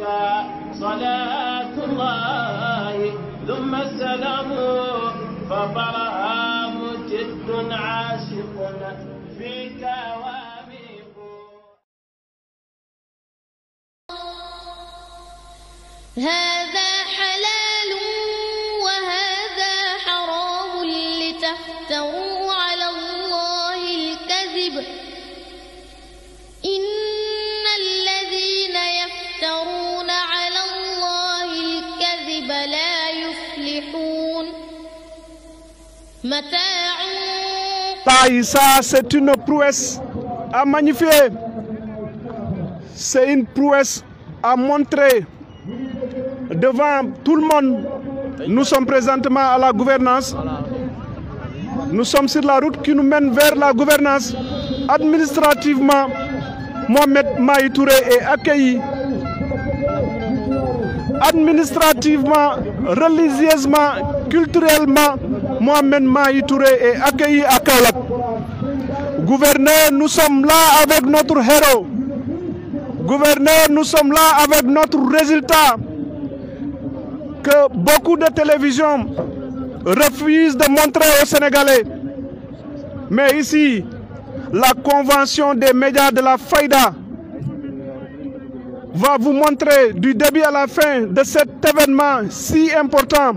صلاة الله ثم السلام فبرهام جد عاشق فيك واميق هذا Taïsa, c'est une prouesse à magnifier. C'est une prouesse à montrer devant tout le monde. Nous sommes présentement à la gouvernance. Nous sommes sur la route qui nous mène vers la gouvernance. Administrativement, Mohamed Maï Touré et accueilli. Administrativement, religieusement, culturellement, Mohamed Mahi Touré est accueilli à Kaolack. Gouverneur, nous sommes là avec notre héros. Gouverneur, nous sommes là avec notre résultat que beaucoup de télévisions refusent de montrer aux Sénégalais. Mais ici, la convention des médias de la Faïda va vous montrer du début à la fin de cet événement si important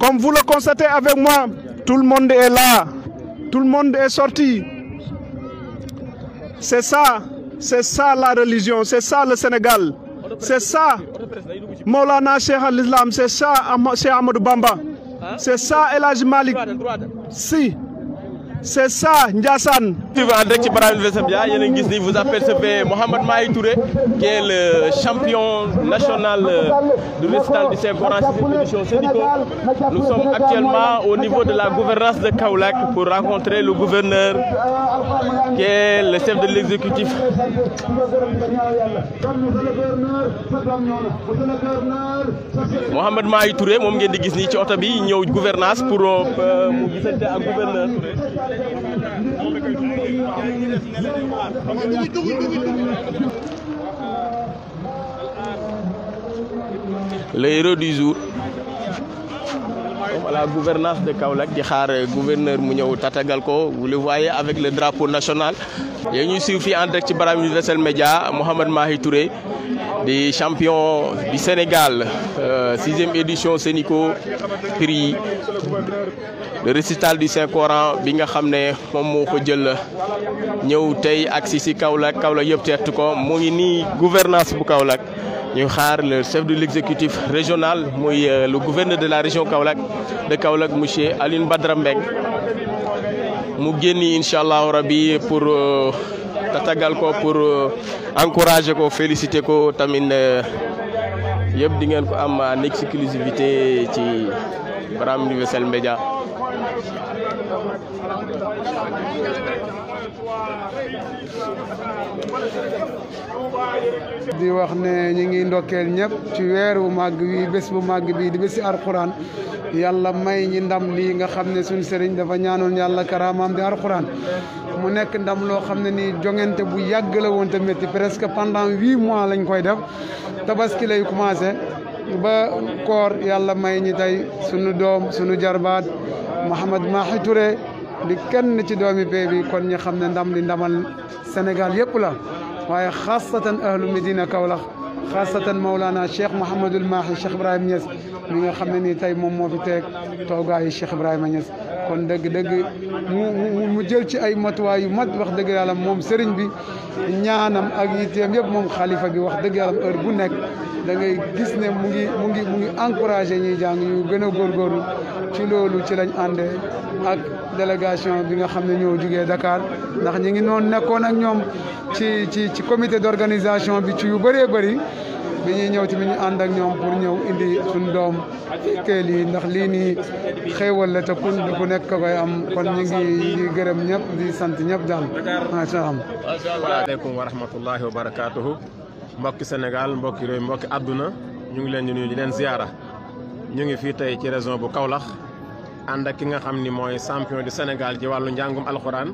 Comme vous le constatez avec moi, tout le monde est là. Tout le monde est sorti. C'est ça, c'est ça la religion, c'est ça le Sénégal. C'est ça Maulana Cheikh al-Islam, c'est ça Cheikh Ahmadou Bamba. C'est ça Elhaj Malik. Si. C'est ça, Ndiassan. Suivant direct sur Barham Vesambia, vous apercevez Mohamed Maï Touré, qui est le champion national euh, du récital du Saint-Coran Nous sommes actuellement au niveau de la gouvernance de Kaoulak pour rencontrer le gouverneur, qui est le chef de l'exécutif. Mohamed Maï Touré, moom ngeen di gis nii ci oto bi ñëw gouvernance pour mu gisante ak gouverneur les héros du jour voilà gouvernance de Kaolack di xaar gouverneur mu ñëw tatagal ko vous le voyez avec le drapeau national. yéen ñuy suivre fii en direct ci Barham Universel Média Mouhamed Mahi Touré di champion du Sénégal euh, sixième édition Sénico prix le récital du Saint Coran bi nga xam ne moom moo ko jël ñëw tey ak si si Kaolack Kaolack yëpp teertu ko moo ngi nii gouvernance bu Kaolack. ñu xaar le chef de l'exécutif régional mooy euh, le gouverneur de la région Kaolack de Kaolack monsieur Alioune Badara Mbengue mu génni incha allahu pour euh, tatagal ko pour euh, encourager ko féliciter ko tamit yëpp di ngeen ko am en exclusivité ci Braham Universel Média di wax ne ñi ngi ndokkeel ñëpp ci weer weeru màgg wi bés bu màgg bii di bési alquran yàlla may ñi ndam li nga xam ne suñ sëriñ dafa ñaanoon yàlla karaamaam di alquran mu nekk ndam loo xam ne nii jongante bu yàgg la woon tamit presque pendant huit mois lañ koy def tabaski lay commencé ba koor yàlla may ñi tey sunu doom sunu jarbaat Mouhamad Mahi Touré di kenn ci doomi pay bi kon ñi xam ne ndam li ndamal Sénégal yëpp la waaye xaasatan ahlu Medina Kaolack xaasatan Maulana Cheikh Mouhamadul Mahi Cheikh Ibrahima Niass mi nga xam ne nii tey moom moo fi teeg toogaayu Cheikh Ibrahima Niass kon dëgg dëgg mu mu jël ci ay matuwaay yu mat wax dëgg yàlla moom sëriñ bi. ñaanam ak yitteem yëpp moom xalifa gi wax dëgg yàlla heure bu nekk da ngay gis ne mu ngi mu ngi mu ngi encouragé ñuy jàng ñu gën a góorgóorlu ci loolu ci lañ àndee ak délégation bi nga xam ne ñoo jugee dakaar ndax ñi ngi noonu nekkoon ak ñoom ci ci ci comité d'organisation bi ci yu bëree bëri bi ñuy ñëw tamit ñu ànd ak ñoom pour ñëw indi suñ doom fekkee lii ndax lii nii xéewal la te ku ku nekk koy am kon ñu ngi gërëm ñëpp di sant ñëpp daal macha allah. asalaamaaleykum wa rahmatullahi wa barakaatuhu mbokki Sénégal mbokki réew mbokki àdduna ñu ngi leen ñu nuyu di leen ziyaara ñu ngi fii tey ci région bu kaw lax ànd ak ki nga xam ni mooy champion du Sénégal ci wàllu njàngum alxuraan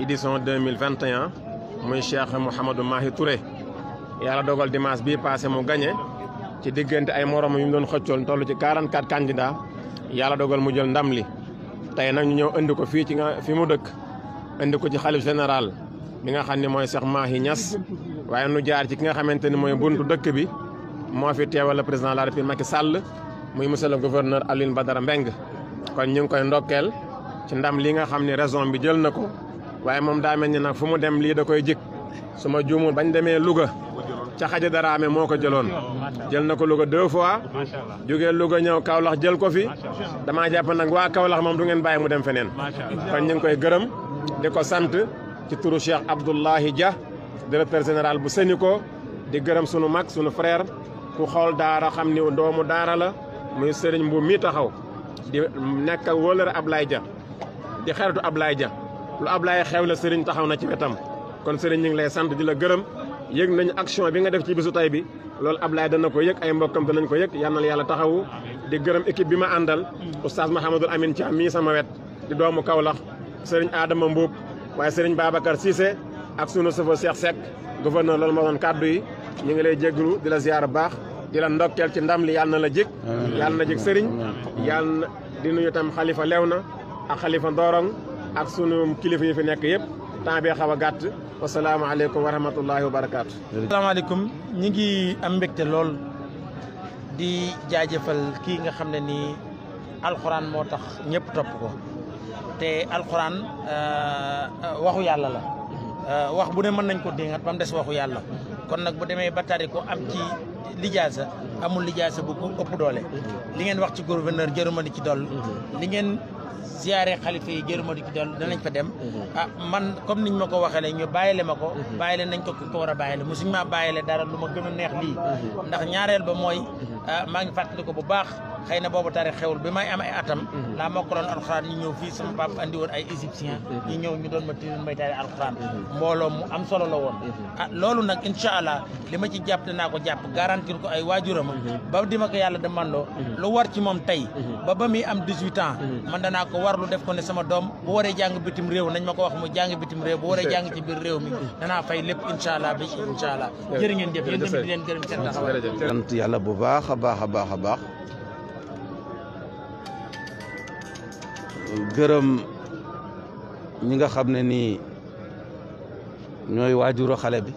édition deux mille vingt et un muy Cheikh Mouhamadou Mahi yàlla dogal dimanche bii passé mu gagné ci diggante ay moroom yu mu doon xëccoon toll ci 44 candidats yàlla dogal mu jël ndam li tey nag ñu ñëw indi ko fii ci nga fi mu dëkk indi ko ci xalif général bi nga xam ne mooy Cheikh Mahi ñas waaye nu jaar ci ki nga xamante ni mooy bunt dëkk bi moo fi teewal le président de la République Macky Sall muy monsieur le gouverneur Alioune Badara Mbengue kon ñu ngi koy ndokkeel ci ndam li nga xam ne raison bi jël na ko waaye moom daa mel ni fu mu dem lii da koy jik su ma juumul demee Louga ca dara daraame moo ko jëloon jël na ko Louga deux fois jógee Louga ñëw Kaolack jël ko fi damaa jàpp nag waa Kaolack moom du ngeen bàyyi mu dem feneen kon ñu ngi koy gërëm di ko sant ci turu Cheikh Abdoulahi Dia directeur général bu ko di gërëm sunu mag sunu frère ku xool daara xam ni doomu daara la muy sëriñ mbu mi taxaw di nekk ak abulaay Ablaye di xaritu Ablaye ja lu Ablaye xew la sëriñ taxaw na ci wetam kon sëriñ ñu ngi lay sant di la gërëm yëg nañu action bi nga def ci bisu tay bi loolu Ablaye dana ko yëg ay mbokkam danañ ko yëg yal na yàlla taxawu di gërëm équipe bi ma àndal oustaz Mahamadul Amin Thiam mii sama wet di doomu Kaolack sëriñ aadama Mbuub waaye sëriñ Babacar Cissé ak sunu sëfa Cheikh Seck gouverneur loolu moo doon kàddu yi ñu ngi lay jégalu di la ziar baax di la ndokkeel ci ndam li yàlla na la jik yàlla na jik sëriñ yàlla na di nuyu tam xalifa lew na ak xalifa Ndorong ak sunu kilifa yi fi nekk yëpp temps bi xaw a gàtt wasalaamaaleykum wa rahmatullahi wa barakaatu. asalaamaaleykum ñi ngi am mbégte lool di jaajëfal kii nga xam ne nii alxuraan moo tax ñëpp topp ko te alxuraan euh, waxu yàlla la. Euh, wax bu ne mën nañ ko déngat ba mu des waxu yàlla kon nag bu demee ba tari ko am ci lijaasa amul lijaasa bu ko ëpp doole. li ngeen wax ci gouverneur jëruma di ci doll mm-hmm. li ngeen ziyaare xalifa yi jërëma di ci doon danañ fa dem mhm. ah man comme niñ ma ko waxele ñu le ma ko mhm. bàyyile nañ ko ko war a bàyyile musuñ maa bàyyile dara lu ma gën a neex lii mhm. ndax ñaareel ba mooy ah, maa ngi fàttali ko bu baax xëy na boobu taarix xewul bi may am ay atam laa mokkaloon alxuraan ñu ñëw fii sama papa andi woon ay égyptien ñu ñëw ñu doon ma tirin may taari alxuraan mbooloo mu am solo la woon ah loolu nag incha allah li ma ci jàpp dinaa ko jàpp garantir ko ay waajuram ba di ma ko yàlla demandoo lu war ci moom tey ba ba muy am 18 ans man danaa ko war lu def ko ne sama doom bu waree jàng bitim réew nañ ma ko wax mu jàng bitim réew bu waree jàng ci biir réew mi danaa fay lépp incha allah bi incha allah jërë ngeen jëf yéen tamit di leen gërëm seen taxawaay sant yàlla bu baax a baax a baax gërëm ñi nga xam ne nii ñooy waajuru xale bi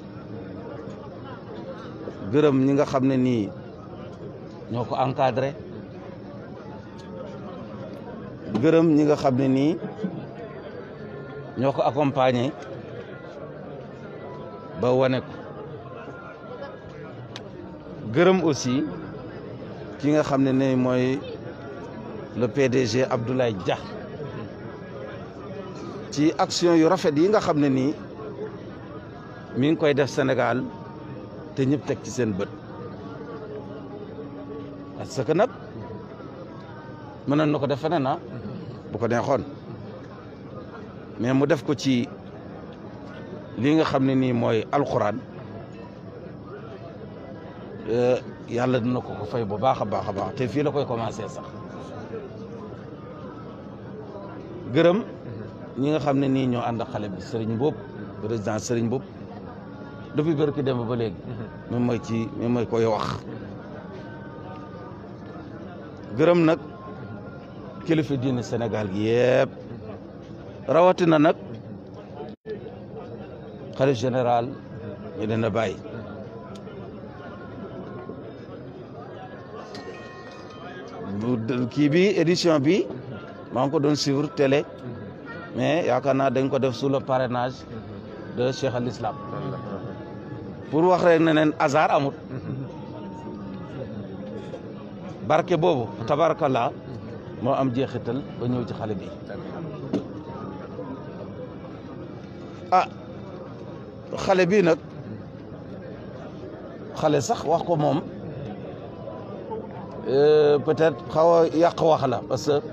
gërëm ñi nga xam ne nii ñoo ko encadré gërëm ñi nga xam ne nii ñoo ko accompagné ba wane ko gërëm aussi ki nga xam ne ne mooy le PDG Abdoulaye Dia ci action yu rafet yi nga xam ne nii mi ngi koy def Sénégal te ñëpp teg ci seen bët parce que nag mënoon na ko def feneen ah, bu ko neexoon mais mu def ko ci lii nga xam ne nii mooy alxuraan euh, yàlla dina ko ko fay bu baax a baax a baax te fii la koy commencé sax gërëm. ñi nga xam ne nii ñoo ànd xale bi Serigne Mboup président Serigne Mboup depuis bërki dem ba léegi mhm. moom ci moom mooy koy wax gërëm nag kilifa diine Sénégal gi yëpp rawatina nag xalif général ñu dina bàyyi kii bi édition bi maa ngi ko doon suivre télé mais yaakaar naa dañ ko def sous le parrainage de Cheikh al Islam pour wax rek ne neen hasard amut barke boobu tabarakallah moo am jeexital ba ñëw ci xale bi ah xale bii nag xale sax wax ko moom euh, peut-être xaw a yàq wax la parce que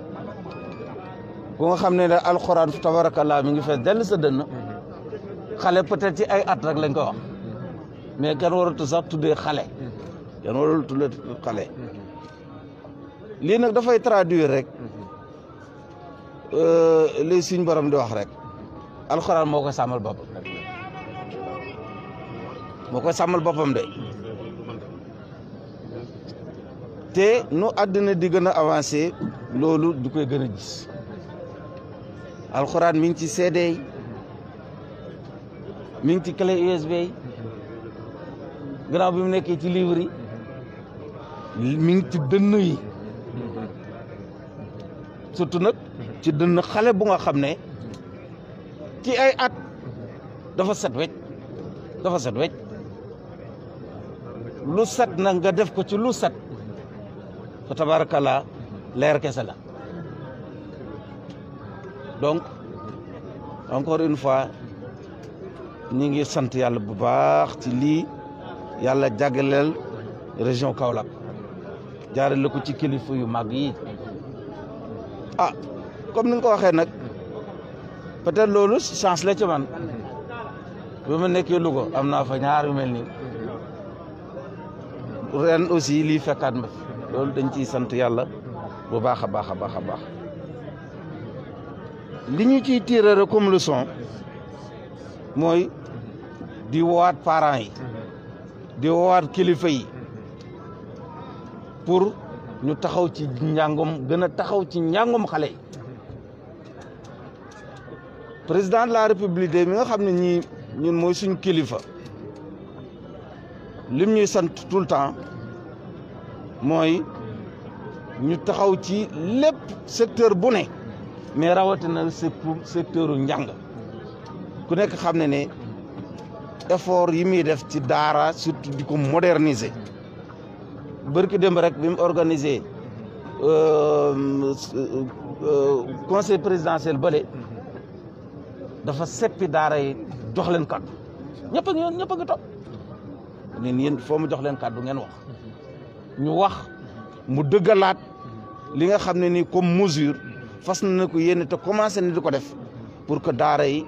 bu nga xam ne ne alxuraan tabarakallah mu ngi fees dell sa dënn xale peut-être ci ay at rek lañ koy wax mais kenn waratu sax tuddee xale kenn warul tuddee xale lii nag dafay traduire rek euh, li suñ borom di wax rek alxuraan moo koy sàmmal boppam moo sàmmal boppam de te nu àddina di gën a avancé loolu du koy gën a gis alxuraan mi ngi ci CD yi mi ngi ci clé USB yi gannaaw bi mu nekkee ci livre yi ngi ci dënn yi surtout nag ci dënn xale bu nga xam ne ci ay at dafa set wecc dafa set wecc lu set nag nga def ko ci lu set fa tabaarakallaa leer kese la donc encore une fois ñi ngi sant yàlla bu baax ci lii yàlla jagleel région Kaolack jaarale ko ci kilifa yu mag yi a ah, comme ni nga ko waxee nag peut-être loolu chance la ci man bi ma nekkee Louga am naa fa ñaar yu mel nii ren aussi lii fekkaat ma loolu dañ ciy sant yàlla bu baax a baax a baax a baax li ñu ciy tirer comme leçon mooy di woowaat parents yi di woowaat kilifa yi pour ñu taxaw ci njàngum gën a taxaw ci njàngum xale yi président la république mi nga xam ne ñii ñun mooy suñu kilifa lim ñuy sant tout le temps mooy ñu taxaw ci lépp secteur bu ne mais rawatina secteur u njàng ku nekk xam ne ne effort yi muy def ci daara surtout di ko moderniser bërki démb rek bi mu organiser euh, euh, conseil présidentiel bale dafa seppi daara yi jox leen kàddu ñëpp a ngi ñëpp a ngi toog neen yéen foo mu jox leen kàddu ngeen wax ñu wax mu dëggalaat li nga xam ne nii comme mesure fas na ko yéene te commencé na di ko def pour que daara yi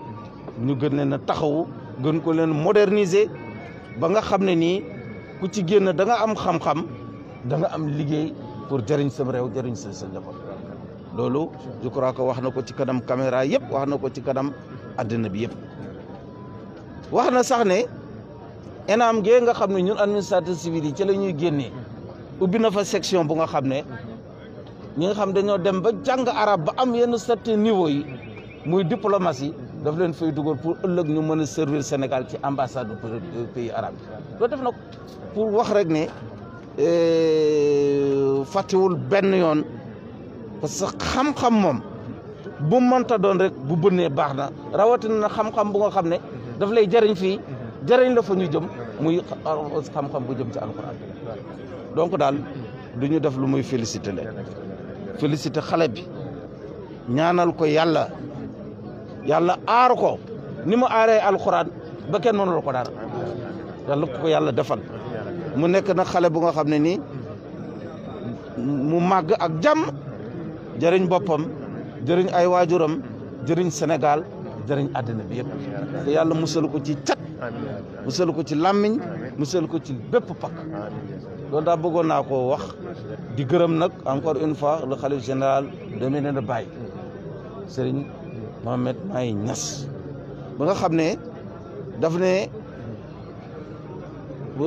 ñu gën ne na taxawu gën ko leen moderniser ba nga xam ne nii ku ci génn da nga am xam-xam da am liggéey pour jëriñ sam réew jëriñ sa sa njaboot loolu je crois que wax na ko ci kanam caméra yëpp wax na ko ci kanam àddina bi yëpp wax na sax ne ENAM gee nga xam ne ñun administrateur civil yi ci la ñuy génne ubbi na fa section bu nga xam ne ñi nga xam dañoo dem ba jàng arab ba am yenn certain niveau yi muy diplomatie daf leen fay dugal pour ëllëg ñu mën a servir Sénégal ci ambassade du pays arabe yi loolu def nag pour wax rek ne euh, fàttewul benn yoon parce que xam-xam moom bu mënta doon rek bu bënnee baax na rawatina na xam-xam bu nga xam ne daf lay jëriñ fi jëriñ la fa ñu jëm muy xam-xam bu jëm ci alquran donc daal du ñu def lu muy félicité leen félicité xale bi ñaanal ko yàlla yàlla aar ko ni mu aaree alxuraan ba kenn mënul ko dara yàlla ko yàlla defal mu nekk nag xale bu nga xam ne nii mu màgg ak jàmm jëriñ boppam jëriñ ay waajuram jëriñ senegal jëriñ àddina bi yëpp yàlla musal ko ci cat musal ko ci làmmiñ musal ko ci bépp pakk loolu daal bëggoon naa koo wax di gërëm nag encore une fois le khalife général de Médina Baye Serigne Mohamed Mahi Niass ba nga xam ne daf ne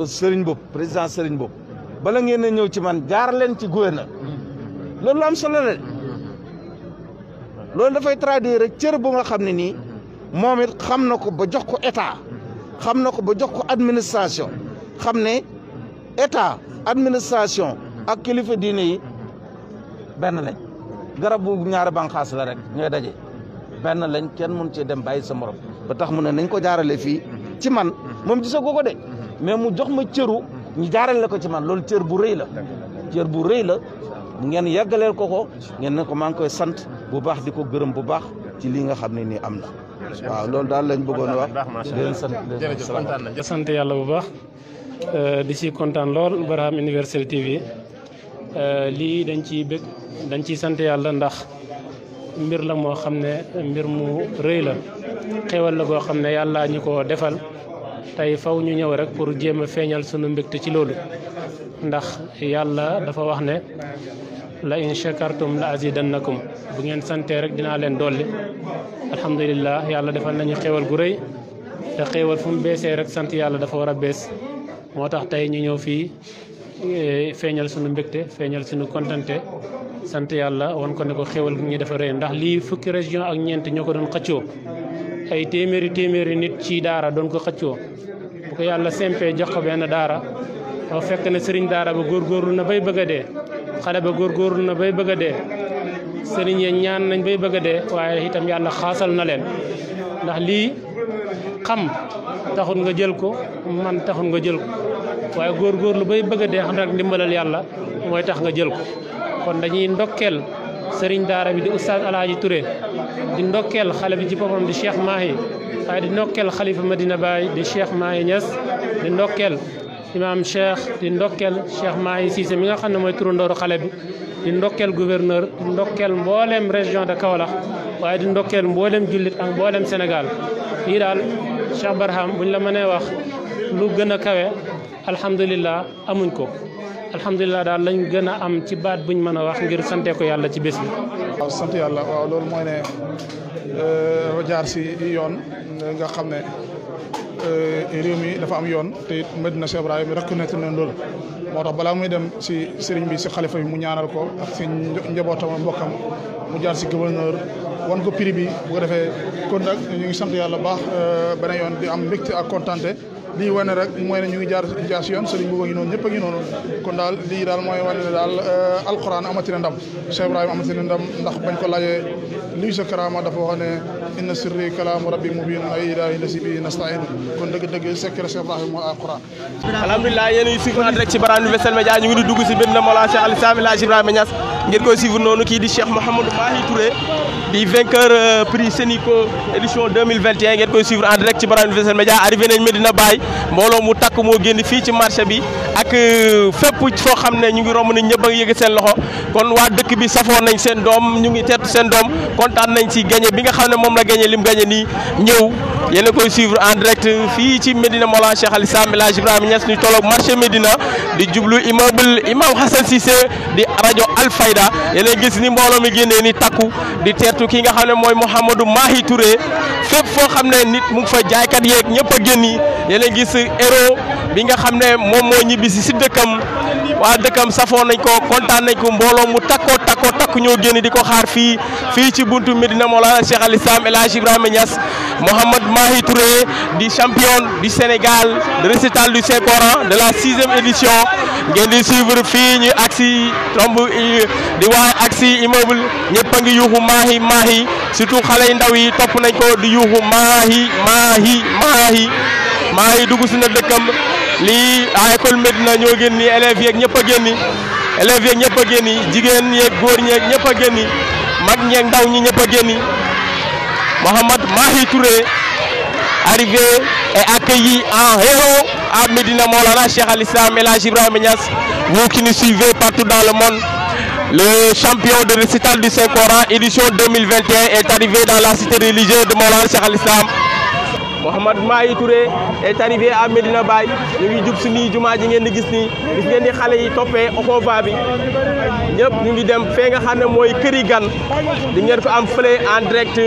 Serigne Bob président Serigne Bob bala ngeen a ñëw ci man jaar leen ci gouverneur loolu la am solo la loolu dafay traduire rek cër bu nga xam ne nii moom it xam na ko ba jox ko état xam na ko ba jox ko administration xam ne état administration ak kilifa diine yi benn lañ garab bu ñaari banqaas la rek ñooy daje benn lañ kenn mun cee dem bàyyi sa morom ba tax mu ne nañ ko jaarale fii ci man moom gisagoo ko de mais mu jox ma cëru ñu jaarale ko ci man loolu cër bu rëy la cër bu rëy la ngeen yàggaleel ko ko ngeen ne ko maa ngi koy sant bu baax di ko gërëm bu baax ci lii nga xam ne nii am na waaw loolu daal lañ bëggoon wax di leen sant di leen sant yàlla bu baax Euh, di ci kontaan lool Barham Universel TV euh, lii dañ ciy bëgg dañ ciy sant yàlla ndax mbir la moo xam ne mbir mu rëy la xéwal la goo xam ne yàlla ñu ko defal tey faw ñu ñëw rek pour jéem a feeñal sunu mbégte ci loolu ndax yàlla dafa wax ne la in shakartum la azidannakum bu ngeen santee rek dinaa leen dolli alhamdulillah yàlla defal nañu xéwal gu rëy te xéwal fu beesee rek sant yàlla dafa war a bees moo tax tey ñu ñëw fii eh, feeñal suñu mbégte feeñal suñu kontante sant yàlla wan ko ne ko xéwal gi ñu dafa rëy ndax lii fukki région ak ñeent ñoo ko doon xëccoo ay téeméeri téeméeri nit ci daara doon ko xëccoo bu ko yàlla simpee jox ko benn daara ba fekk ne sëriñ daara ba góorlu na bay bëgg a dee xale ba góor góorgóorlu na bay bëgg dee sëriñ ya ñaan nañ bay bëgg dee waaye itam yàlla xaasal na leen ndax lii xam taxul nga jël ko man taxul nga jël ko waaye góorgóorlu bay bëgg a dee xam rek ndimbalal yàlla mooy tax nga jël ko kon dañuy ndokkeel sëriñ daara bi di oustaz Alaaji Touré di ndokkeel xale bi ci boppam di Cheikh Mahi waaye di ndokkeel xalifa Medina Baye di Cheikh Mahi Niass di ndokkeel imaam Cheikh di ndokkeel Cheikh Mahi Cissé mi nga xam ne mooy turandooru xale bi di ndokkeel gouverneur di ndokkeel mbooleem région de Kaolack waaye di ndokkeel mbooleem jullit ak mbooleem Sénégal lii daal Cheikh Barham buñ la mënee wax lu gën a kawe alhamdulilah amuñ ko alhamdulilah daal lañ gën a am ci baat buñ mën a wax ngir sante ko yàlla ci bés bi. waaw sant yàlla waaw loolu mooy ne jaar euh, si yoon nga xam ne Euh, réew mi dafa am yoon te na it Medina Cheikh Ibrahima reconnaître nañ loolu moo tax balaa muy dem si sëriñ bi si xalifa bi mu ñaanal ko ak si njabootam mbokkam mu jaar si gouverneur wan ko prix bi bu ko defee kon nag ñu ngi sant yàlla baax euh, beneen yoon di am mbégte ak kontaante lii wane rek mooy ne ñu ngi jaar jaar si yoon sëriñ noonu ñëpp a ngi noonu kon daal lii daal mooy wane ne daal euh, alquran amatina ndam Cheikh Ibrahima amatina ndam ndax bañ ko laajee luy sa karaama dafa wax inna sirri kalaamu rabbi mubin ay ilaahi lasi bi nastain kon dëgg-dëgg secret Cheikh Ibrahima mooy alquran alhamdulilah yéen a ngi suivre rek ci Barham dugg si benn Mawlana Cheikh Al Islam El ngeen koy suivre noonu kii di Cheikh Mouhamadou Mahi Touré di vainqueur euh, prix Sénico édition 2021 ngeen koy suivre en direct ci Barham Universel Média arrivé nañ Medina Baye mbooloo mu takk moo génn fii ci marché bi ak euh, fépp foo xam ne ñu ngi romb nañ ñëpp a ngi yëg seen loxo kon waa dëkk bi safoon nañ seen doom ñu ngi teetu seen doom kontaan nañ ci gagné bi nga xam ne moom la gagné lim gagné nii ñëw yéen a koy suivre en direct fii ci Médina Mawlana Cheikh Al Islam El Hadj Ibrahima Niass ñu marché Médina di jublu immeuble Imam Hassan Cissé di rajo Alfayda yéen a gis ni mbooloo mi génne ni takku di teertu ki nga xam ne mooy Mouhamadou Mahi Touré fépp foo xam ne nit mu ngi fa jaaykat yeeg ñëpp a génn yéen gis héros bi nga xam ne moom moo ñibbisi si si dëkkam. waa dëkkam safoon nañ ko kontaan nañ ko mbooloo mu takkoo takkoo takk ñoo génn di ko xaar fii fii ci buntu Medina Mawlana Cheikh Al Islam El Hadj Ibrahima Niass Mohamed Mahi Touré di champion du Sénégal de récital du saint de la sixième édition ngeen di suivre fii ñu agsi tomb di wax agsi immeuble ñëpp a ngi yuuxu Mahi Mahi surtout xale yu ndaw yi topp nañ ko di yuuxu Mahi Mahi Mahi Mahi dugg si na dëkkam. lii à école Medina ñoo génn nii élèves yeeg ñëpp a génni élèves yeeg ñëpp a jigéen yeeg góor ñeeg ñëpp a mag ñeeg ndaw ñi ñëpp a génni Mohamed Mahi Touré arrivé et accueilli en héros à Medina Maulana Cheikh Al-Islam El Hadj Ibrahima Niass vous qui nous partout dans le monde le champion de récital du Saint-Coran édition 2021 est arrivé dans la cité de Maulana Cheikh Al-Islam Mouhamad Mahi Touré est arrivé à Medina Baye ñu ngi jub nii jumaa ji ngeen di gis ni gis ngeen di xale yi toppee Okova bi ñëpp ñu ngi dem fee nga xam ne mooy këri gan di ngeen ko am fële en direct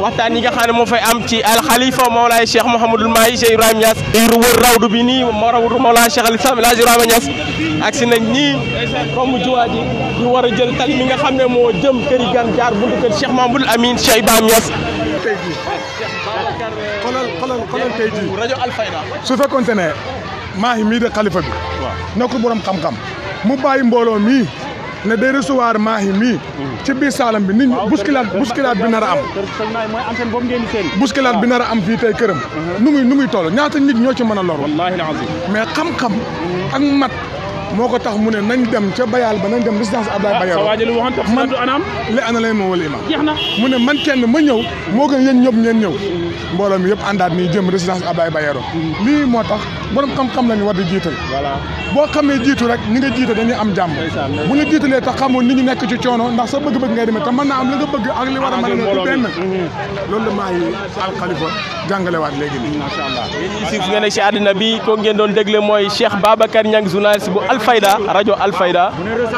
waxtaan yi nga xam ne moo fay am ci al xalifa Mawlaay Cheikh Mouhamadul Mahi Cheikh Ibrahima Niass wër rawdu bi nii rawdu Mawlaay Cheikh al Islam El si nañ ñii comme jumaa ji ñu war a jël tali mi nga xam ne moo jëm këri gan jaar buntu kër Cheikh Mouhamadul Amine Cheikh Ibrahima tey jii. xoolal xoolal xoolal tey rajo Alfayda. su fekkoon ne maahi mii de xalifa bi. waaw nekkul borom xam-xam. mu bàyyi mbooloo mii. ne day recevoir maahi mii. ci biir saalam bi nit ñi bousculade bousculade bi nar a am. bousculade bi nar am fii tey këram. Uh-huh. nu muy nu muy ñaata nit ñoo ci mën a lor. mais xam-xam. ak mat. moo ko tax mu ne nañ dem ca Bayal ba nañ dem résidence Abdoulaye ah, Bayero man li ana lay man kenn ma ñëw moo gën yéen ñëpp ngeen ñëw mbooloo yëpp àndaat nii jëm résidence Abdoulaye Bayero lii moo tax borom xam-xam la ñu war di jiital boo xamee jiitu rek ñi nga jiite dañuy am jàmm bu ñu jiitalee tax xamoon nit ñi nekk ndax sa bëgg-bëgg ngay demee te mën naa am la nga bëgg ak li war a mën a nekk benn ah, mm-hmm. loolu la maa yi alxalifa léegi nii si ngeen ci Alfayda rajo Alfayda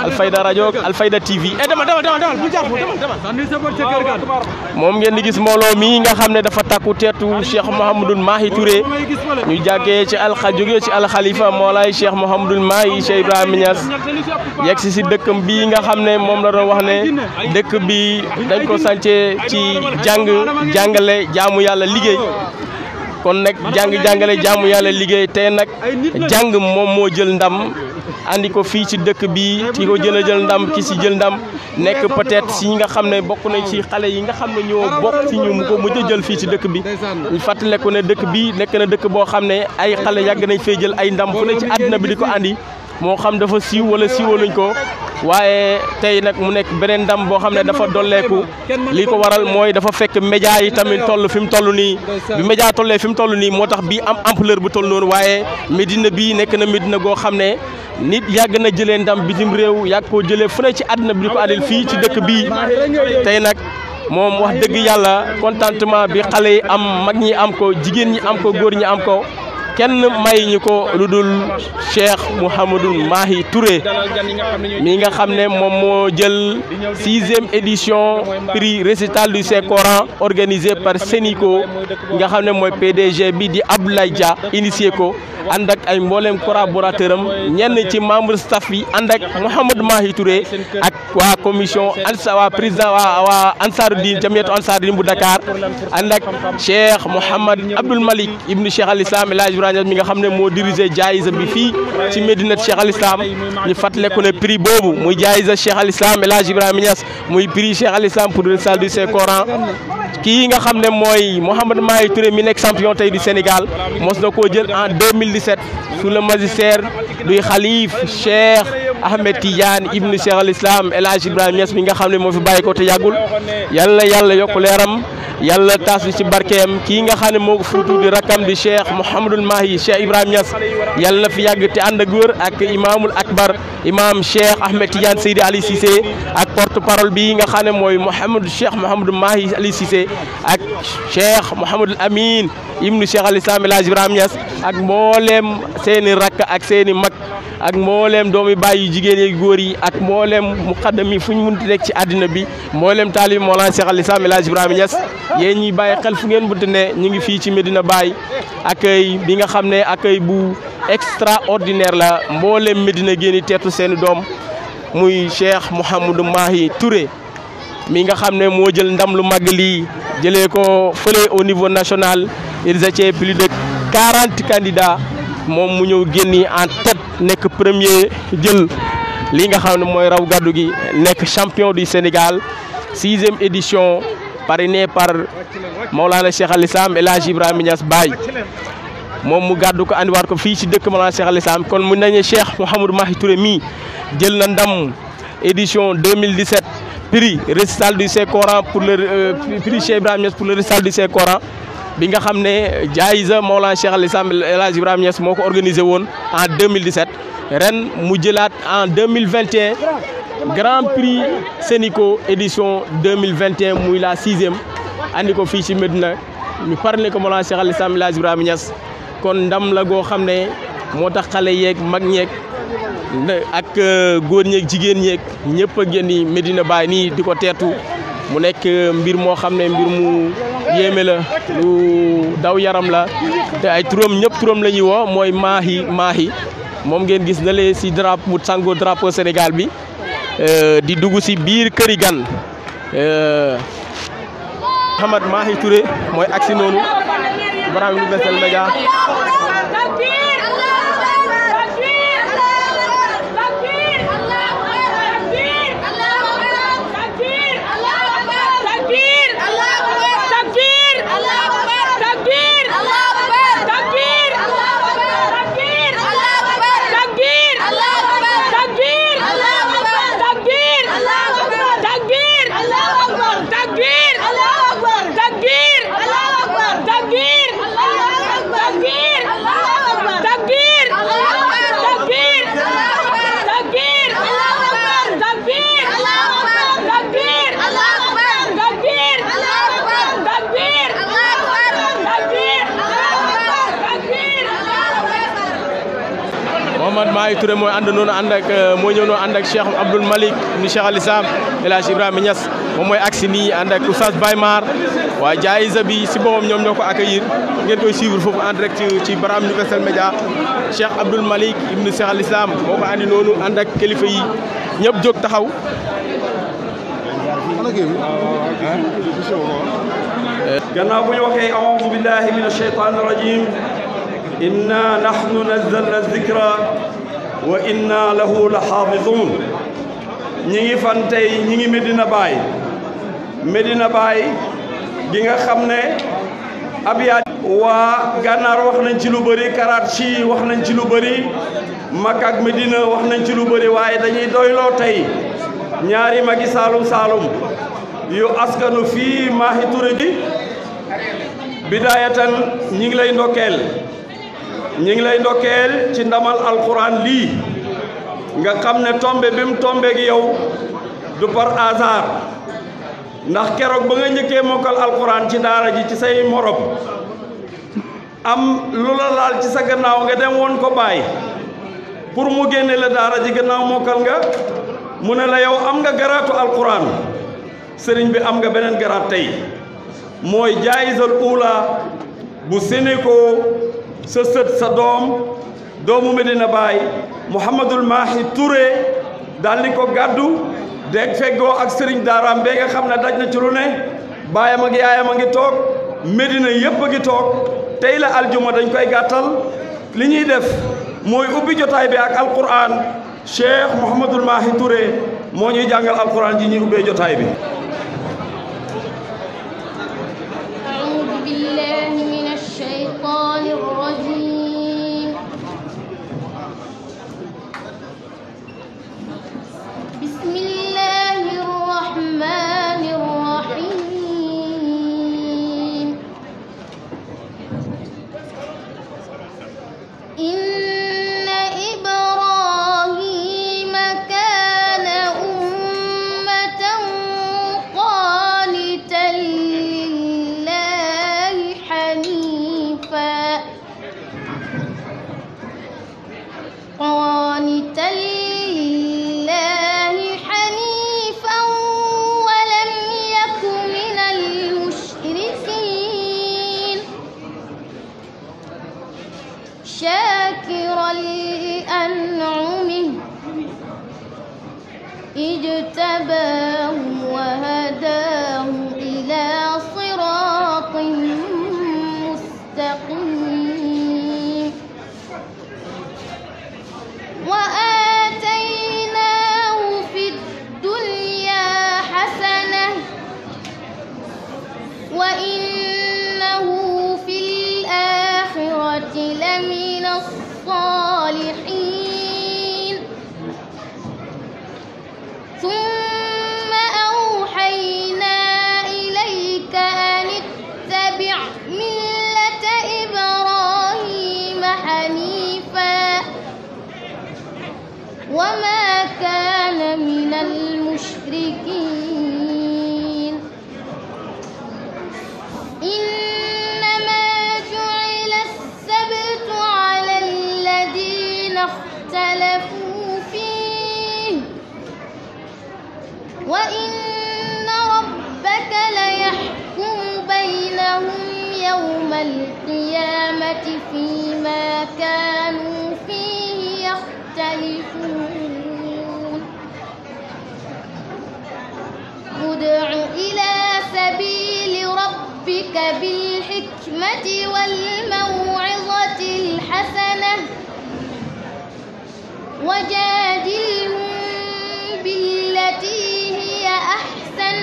Alfayda rajo Alfayda TV eh demal demal demal bu jàpp demal moom ngeen di gis mbooloo mi nga xam ne dafa takku teetu Cheikh Mouhamadoul Mahi Touré ñu jàggee ci alxa jógee ci alxalifa Moolaay Cheikh Mouhamadoul Mahi Cheikh Ibrahima Niass yegg si si dëkkam bii nga xam ne moom la doon wax ne dëkk bi dañ ko sancee ci jàng jàngale jaamu yàlla liggéey kon nag jàng jàngale jaamu yàlla liggéey tey nag jàng moom moo jël ndam andi ko fii ci dëkk bi ki ko jël a jël ndam ki si jël ndam nekk peut-être si ñi nga xam ne bokk na ci xale yi nga xam ne ñoo bokk ci ñu mu ko mujj a jël fii ci dëkk bi fàttaleku ne dëkk bi nekk na dëkk boo xam ne ay xale yàgg nañ fee jël ay ndam fu ne ci àddina bi di ko andi moo xam dafa siiw wala siiwaluñ ko waaye tey nag mu nekk beneen ndam boo xam ne dafa dolleeku lii ko waral mooy dafa fekk média yi tamit toll fi mu toll nii bi média tollee fi mu toll nii moo tax bii am ampleur bu toll noonu waaye Médina bii nekk na Médina goo xam ne nit yàgg na jëlee ndam bitim réew yàgg koo jëlee fu ne ci àddina bi di ko adil fii ci dëkk bii tey nag moom wax dëgg yàlla kontantement bi xale yi am mag ñi am ko jigéen ñi am ko góor ñi am ko kenn may ñi ko lu dul Cheikh Mouhamadul Mahi Touré mi nga xam ne moom moo jël sixième édition prix récital du Saint-Coran organisé par Senico nga xam ne mooy PDG bi di Abdoulaye jaa initié ko ànd ak ay mbooleem collaborateur am ñenn ci membre staff yi ànd ak Mouhamadou Mahi Touré ak waa commission ansa waa président waa waa ansaarud bu Dakar ànd ak Cheikh Mouhamad Abdoul Malik ibnu Cheikh al Islam El Hadj Ibrahima Niass mi nga xam ne moo dirigé jaayisa bi fii ci Médinat Cheikh Al Islam ñu fàttaleku ne prix boobu muy jaayisa Cheikh Al Islam El Hadj Ibrahima muy prix Cheikh Al Islam pour du Saint Coran kii nga xam ne mooy Mouhamed Mahi Touré mi nekk champion tey du Sénégal mos na koo jël en 2017 sous le magistère du xalif Ahmed Tidiane ibnu Cheikh al Islam El Hadj Ibrahima Niass mi nga xam ne moo fi bàyyi ko te yàggul yàlla yàlla yokk leeram yàlla taas ci barkeem kii nga xam ne moo ko fuutu di rakkam di Cheikh Mouhamadul Mahi Cheikh Ibrahima Niass yalla na fi yàgg te ànd ak wër ak imaamul akbar imaam Cheikh Ahmed Tidiane Seydi Ali Cissé ak port parole bi nga xam ne mooy Mouhamadou Cheikh Mouhamadou Mahi Ali Cissé ak Cheikh Mouhamadul Amin ibnu Cheikh al Islam ak mboolem seeni rakk ak seeni mag. ak mbooleem doomi bàyyi jigéen yi góor yi ak mbooleem muqaddam yi fu ñu nekk ci àddina bi mbooleem taalib Mawlana Cheikh Al Islam El Hadj Ibrahima Niass yéen ñiy bàyyi xel fu ngeen bunte ne ñu ngi fii ci médina Baye accueil bi nga xam ne accueil bu extraordinaire la mbooleem médina génn teetu seeni doom muy Cheikh Mouhamadou Mahi Touré mi nga xam ne moo jël ndam lu mag li jëlee ko fële au niveau national ils étaient plus de quarante candidats moom mu ñëw génni en tête nekk premier jël li nga xam ne mooy raw gàddu gi nekk champion du Sénégal sixième édition parrainé par Maolana Cheikh Al Islam El Hadj Ibrahima Niass Baye moom mu gàddu ko andiwaat ko fii ci dëkk Maolana Cheikh Al Islam kon mu nañu Cheikh Mouhamadou Mahi Touré mii jël na ndam édition deux mille récital du Saint Coran pour le euh, prix Cheikh Ibrahima Niass pour le récital du Saint Coran. bi nga xam ne Jaayiza Mawlana Cheikh Al Islam El Hadj Ibrahima Niass moo ko organisé woon en 2017 ren mu jëlaat en 2021 grand prix Sénico édition 2021 muy la sixième andi ko fii ci Medina ñu parle ko Mawlana Cheikh Al Islam El Hadj Ibrahima Niass kon ndam la goo xam ne moo tax xale yeeg mag ñeeg ak góor ñeeg jigéen ñeeg ñëpp a génn Medina Baye nii di ko teertu mu nekk mbir moo xam ne mbir mu yéeme la lu daw yaram la te ay turam ñëpp turam la ñuy woo mooy Mahi moom ngeen gis na lee si drapeau mu sàngoo drapeau Sénégal bi euh, di dugg si biir këri gan euh, Mouhamad Mahi Touré mooy aksi noonu borom Universel Média Mouhamad Mahi Touré mooy ànd noonu ànd ak euh, moo ñëw noonu ànd ak Cheikh Abdoul Malick ni Cheikh Al Islam e Hadj Ibrahima Niass moom mooy agsi nii ànd ak Oustaz Baye Mar waaye jaayisa si boppam ñoom ñoo ko accueillir ngeen koy suivre foofu en direct ci Barham Universel Media Cheikh Abdoul Malick ibnu Cheikh Al Islam moo ko andi noonu ànd ak kilifa yi ñëpp jóg taxaw gannaaw bu ñu waxee aoudu billahi min acheytan irajim إنا نحن نزلنا الذكر وإنا له لحافظون ñi fan tey ñi ngi Medina Baye Medina Baye gi nga xam ne abyaat waa gànnaar wax nañ ci lu bëri Karachi wax nañ ci lu bëri Makka ak wax nañ ci lu bëri waaye dañuy doyloo tey ñaari magi Saalum Saalum yu askanu fii Mahi Touré ji bidaayatan ñi ngi lay ndokkeel ñi ngi lay ndokkeel ci ndamal alxuraan lii nga xam ne tombe bi mu tombe gi yow du par hasard ndax keroog ba nga njëkkee mokkal alxuraan ci daara ji ci say morom am lu la ci sa gannaaw nga dem woon ko bàyyi pour mu génne la daara ji moo mokkal nga mu ne la yow am nga garaatu alxuraan sëriñ bi am nga beneen garaat tey mooy jaayisal uula bu Sénégal sa sët sa doom doomu Medina Baye Mouhamadul Mahi Touré daal di ko gàddu deg feggoo ak sëriñ daaraam bee nga xam ne daj na ci ne baayam ngi yaayam a ngi toog Medina yëpp a ngi toog tey la aljuma dañ koy gàttal li ñuy def mooy ubbi jotaay bi ak alquran Cheikh Mouhamadul Mahi Touré moo ñuy jàngal alquran ji ñuy ubbee jotaay bi. اجتباهم وهداهم وما كان من المشركين إنما جعل السبت على الذين اختلفوا فيه وإن ربك ليحكم بينهم يوم القيامة فيما كانوا فيه يختلفون ادع إلى سبيل ربك بالحكمة والموعظة الحسنة وجادلهم بالتي هي أحسن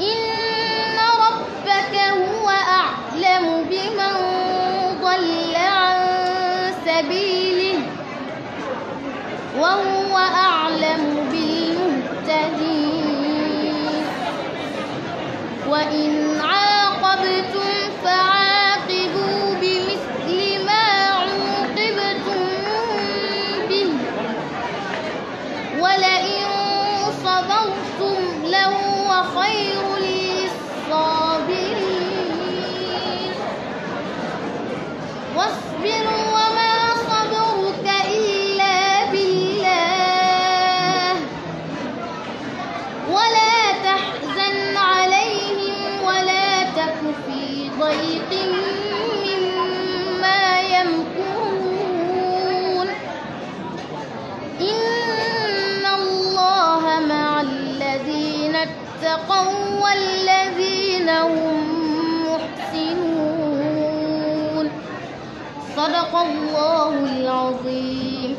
إن ربك هو أعلم بمن وهو أعلم بالمهتدين وإن عاد sadaqallahul azim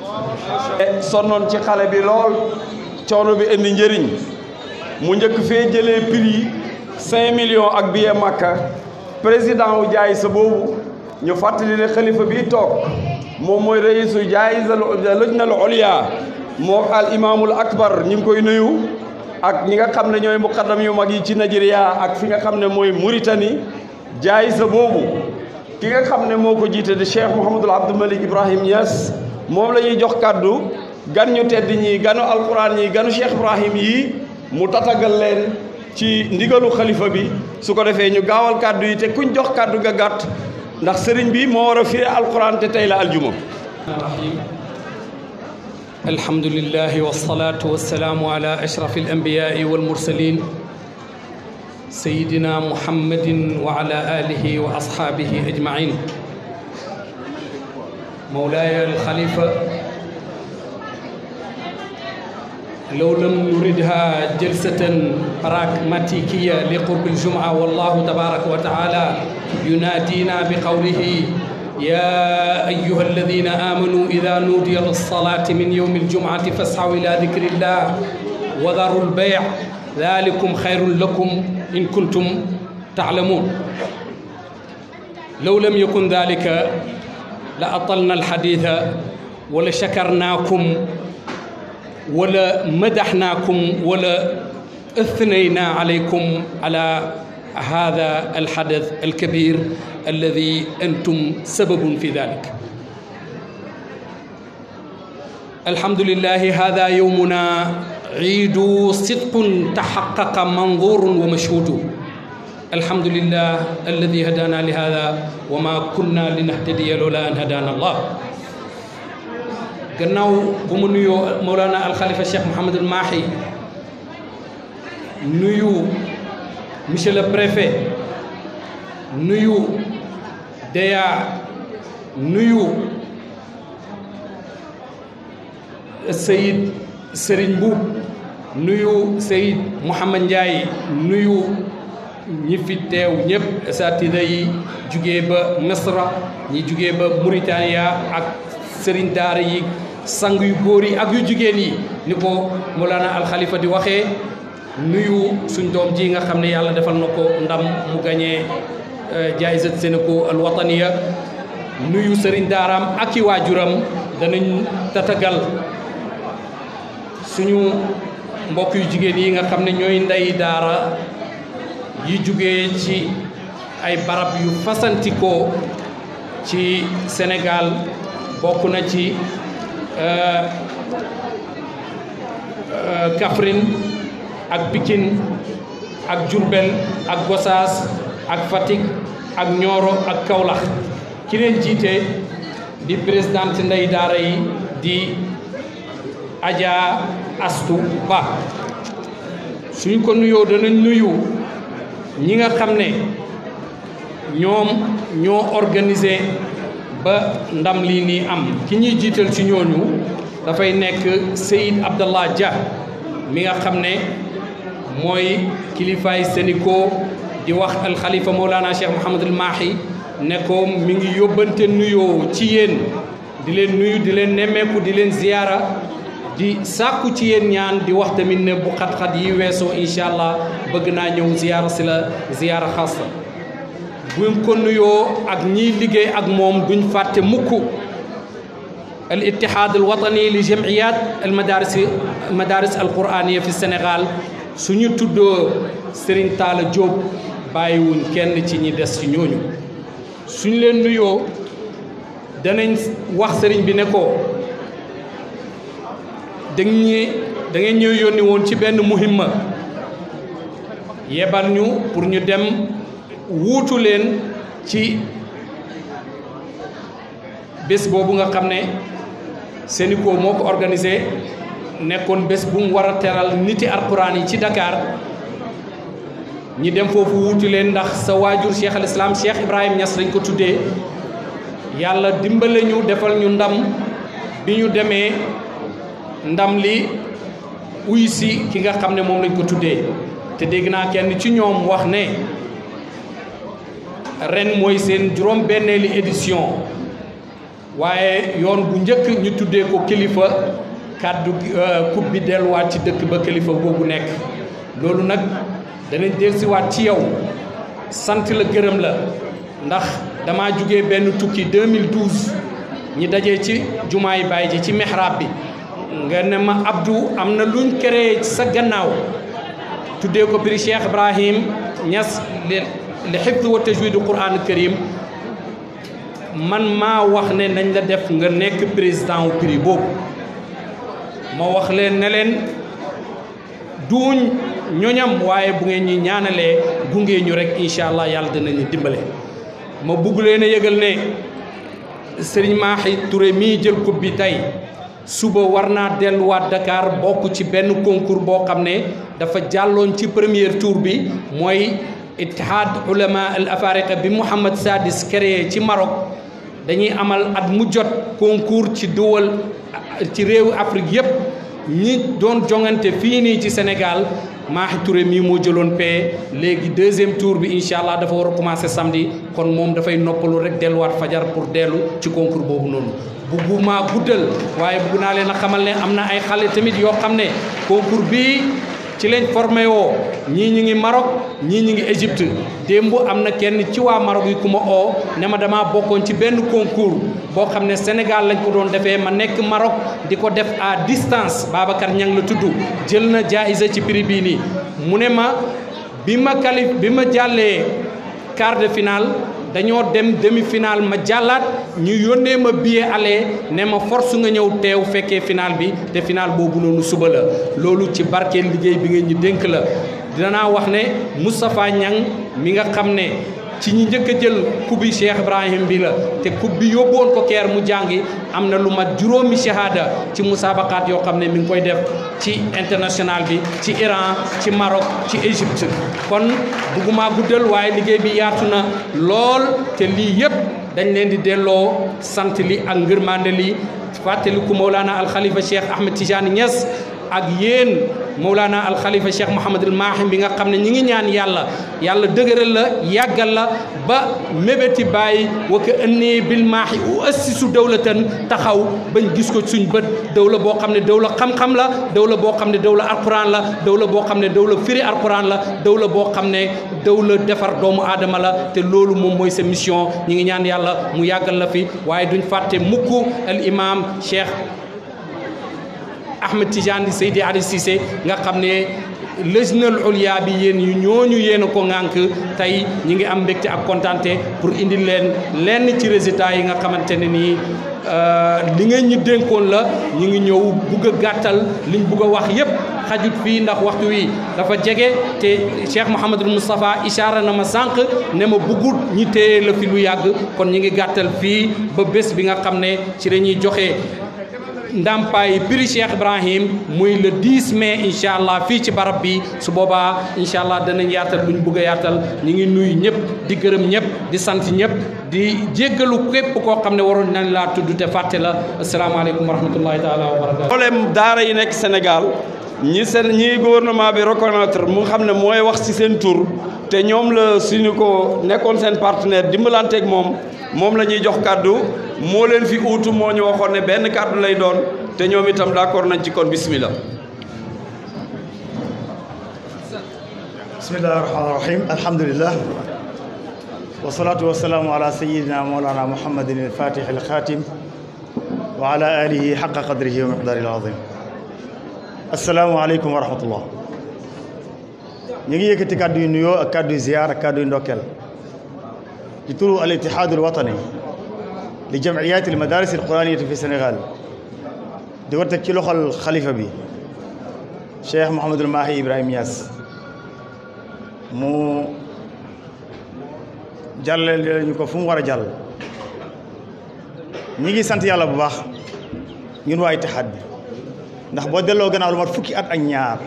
eh, ci xale bi lool coono bi indi njëriñ mu njëkk fee jëlee prix cinq millions ak billet Makka président wu jaay sa boobu ñu fàttali ne xalifa bi toog moom mooy raïsu jaayisa lajnal ulya moo al imaamul akbar ñu koy nuyu ak ñi nga xam ne ñooy muqaddam yu mag yi ci Nigeria ak fi nga xam ne mooy Mauritanie jaayisa boobu ki nga xam ne moo ko jiite di Cheikh Mouhamadul Abdou Malik Ibrahim Niass moom la jox kàddu gan ñu tedd ñi ganu alquran yi ganu Cheikh Ibrahim yi mu tatagal leen ci ndigalu xalifa bi su ko defee ñu gaawal kàddu yi te kuñ jox kàddu ga gàtt ndax sëriñ bi moo war a firi alquran te tey la aljuma alhamdulillahi wasalaatu wasalaamu ala ashraf al anbiyaai wal mursalin sayidina muhammadin wa ala alihi wa asxaabihi ajmain مولاي الخليفة لو لم نردها جلسة براغماتيكية لقرب الجمعة والله تبارك وتعالى ينادينا بقوله يا أيها الذين آمنوا إذا نودي للصلاة من يوم الجمعة فاسعوا إلى ذكر الله وذروا البيع ذلكم خير لكم in kuntum taalamuun law lam yakun dalika la atalna alxaditha wala chakarnaakum wala madaxnaakum wala athnayna alaykum ala hada alxadath alkabir alladi antum sababun fi dalik alhamdulilahi hada yowmuna عيد صدق تحقق منظور ومشهود الحمد لله الذي هدانا لهذا وما كنا لنهتدي لولا أن هدانا الله gannaaw bu mu nuyoo Mawlana alxalifa Cheikh Mouhamadul Mahi nuyu monsieur le préfet nuyu Deya nuyu Seyid Serigne Mbuub nuyu Seyid Mouhamad Ndiaye nuyu ñi teew ñëpp satida yi jugee ba Misra ñi jugee ba Mauritania ak sëriñ daara yi sang yu góor yi ak yu jigéen yi ni ko Mawlana Alxalifa di waxe nuyu suñ doom ji nga xam ne yàlla defal na ko ndam mu gañee euh, jaayisat Sénégal alwataniya nuyu sëriñ daaraam ak i waajuram danañ tatagal suñu mbokk yu jigéen yi nga xam ne ñooy ndey daara yi jugee ci ay barab yu fasantikoo ci Sénégal bokk na ci euh, euh, Kaffrine ak Pikine ak Diourbel ak Gossas ak Fatick ak ñooro ak kawlax ki leen jiite di présidente ndey daara yi di Adja astu ba suñu ko nuyoo danañ nuyu ñi nga xam ne ñoom ñoo organise ba ndam lii nii am ki ñuy jiital ci ñooñu dafay nekk Seyid Abdallah Dia mi nga xam ne mooy kilifaay Sénico di wax alxalifa Mawlana Cheikh Mouhamadul Mahi ne ko mi ngi yóbbante nuyoo ci yéen di leen nuyu di leen nemmeeku di leen ziyaara di sàkku ci yéen ñaan di wax tamit ne bu xatxat yi weesoo incha allah bëgg naa ñëw ziyaara si ziyaara xas la buñ ko nuyoo ak ñiy liggéey ak moom duñ fàtte mukk al ittihaad al watani li jamiyat al madaris al quraniya fi Sénégal suñu tuddoo Serigne jóob Diop bàyyiwuñ kenn ci ñi des ci ñooñu suñ leen nuyoo danañ wax sëriñ bi ne ko da ñee ñëw yónni woon ci benn muhimma yebal ñu pour ñu dem wuutu leen ci bés boobu nga xam ne Sénico moo ko organisé nekkoon bés bu mu war a teral niti alquran yi ci dakaar ñi dem foofu wuuti leen ndax sa waajur cheikh al islam cheikh Ibrahim Niass lañ ko tuddee yàlla dimbale ñu defal ñu ndam bi ñu demee. ndam li uy ki nga xam ne moom lañ ko tuddee te dégg naa kenn ci ñoom wax ne ren mooy seen juróom benneeli édition waaye yoon bu njëkk ñu tuddee ko kilifa kàddu euh, coupe bi delluwaat ci dëkk ba kilifa boobu nekk loolu nag danañ dellusiwaat ci yow sant la gërëm la ndax dama jugee benn tukki 2012 ñi daje ci jumaay baay ji ci mihrab bi nga ne ma Abdou am na luñ créé sa gannaaw tuddee ko prix Cheikh Ibrahim Niass li xifd wa tajwid Qur'an karim man maa wax ne nañ la def nga nekk président wu prix boobu ma wax leen ne leen duuñ ñoñam waaye bu ngeen ñi ñaanalee gungee ñu rek incha allah yàlla dinañu dimbale ma bugg leen ne sëriñ Mahi Touré mii jël coupe bi tey suba war naa delluwaat dakaar bokk ci benn concours boo xam ne dafa jàlloon ci première tour bi mooy Ittihad Ulama al Afariqa bi Mouhamad Sadis créé ci Maroc dañuy amal at mu jot concours ci duwal ci réewu Afrique yépp ñi doon jongante fii nii ci Sénégal Mahi Touré mii moo jëloon paie léegi deuxième tour bi incha allah dafa war a commencer samedi kon moom dafay noppalu rek delluwaat fajar pour dellu ci concours boobu noonu. bugguma guddal waaye bugg naa leen a xamal ne am na ay xale tamit yoo xam ne concours bii ci leen formé woo ñii ñu ngi Maroc ñii ñu ngi Égypte démb am na kenn ci waa Maroc yi ku ma oo ne ma dama bokkoon ci benn concours boo xam ne Sénégal lañ ko doon defee ma nekk Maroc di ko def à distance Babacar Niang la tudd jël na jaayisa ci prix bii nii mu ne ma bi ma qualif bi ma jàllee quart de dañoo dem demi-finale ma jàllaat ñu yónnee ma billet aller ne ma su nga ñëw teew fekkee final bi te final boobu noonu suba la loolu ci barkeel liggéey bi ngeen ñu dénk la dinaa wax ne Moustapha Niang mi nga xam ne ci ñi njëkk a jël kubbi Cheikh Ibrahim bi la te kub bi yóbbu ko keer mu jàngi am na lu mat juróomi shahada ci musabaqaat yoo xam ne mi ngi koy def ci international bi ci Iran ci Maroc ci Égypte kon bëgguma guddal waaye liggéey bi yaatu na lool te lii yëpp dañ leen di delloo sant li ak ngërmande li fàttaliku Mawlana Al Khalifa Cheikh Ahmed Tidiane ñes ak yéen Mawlana al Khalifa Cheikh Mouhamadul Mahi bi nga xam ne ñi ngi ñaan yàlla yàlla dëgëral la yàggal la ba mébéti bàyyi wa ka ënnee bil maahi u assisu dawlatan taxaw bañ gis ko suñ bët dawla boo xam ne dawla xam-xam la dawla boo xam ne dawla alquran la dawla boo xam ne dawla firi alquran la dawla boo xam ne dawla defar doomu aadama la te loolu moom mooy sa mission ñi ngi ñaan yàlla mu yàggal la fi waaye duñ fàtte mukk al imam cheikh Ahmed Tidiane di Seydi Ali Cissé nga xam ne lëjnal ulya bi yéen yu ñooñu yéen ko ŋànk tey ñi ngi am mbégte ak kontaante pour indi leen lenn ci résultat yi nga xamante ne nii euh, li nga ñu dénkoon la ñu ngi ñëw bugg a gàttal liñ bugg a wax yépp xajut fii ndax waxtu wi dafa jege te Cheikh Mouhamadul Moustapha ishaara na ma sànq ne ma buggut ñi téye la fi lu yàgg kon ñi ngi gàttal fii ba bés bi nga xam ne ci la ñuy joxe ndàmpaay prix Cheikh Ibrahim muy le 10 mai incha allah fii ci barab bi su boobaa incha allah danañ yaatal lu ñu bëgg a yaatal ñu ngi nuyu ñëpp di gërëm ñëpp di sant ñëpp di jéggalu képp koo xam ne waroon nañ laa tudd te fàtte la asalaamaaleykum wa rahmatullahi taala wa barakatu. problème daara yi nekk Sénégal. ñi seen ñi gouvernement bi reconnaître mu xam ne mooy wax ci seen tur te ñoom la suñu ko nekkoon seen partenaire dimbalanteeg moom moom la ñuy jox kàddu moo leen fi uutu moo ñu waxoon ne benn kàddu lay doon te ñoom itam d'accord nañ ci kon bismillah bismillahi rahmaani rahim alhamdulillah wasalaatu wasalaamu ala sayidina moolana muhammadin alfatih alxatim wa asalaamaaleykum wa rahmatullah ñu ngi yëkkati kàddu yu nuyoo ak kàddu yu ziyaar ak kàddu yu ndokkeel ci turu al ittihaadul watani li jamiyaati al madaaris al quraaniyati fi Sénégal di ko teg ci loxol xalifa bi Cheikh Mouhamadul Mahi Ibrahima Niass mu jàllale ñu ko fu mu war a jàll ñi ngi sant yàlla bu baax ñun waa ittihaad bi ndax boo delloo gannaaw lu mat fukki at ak ñaar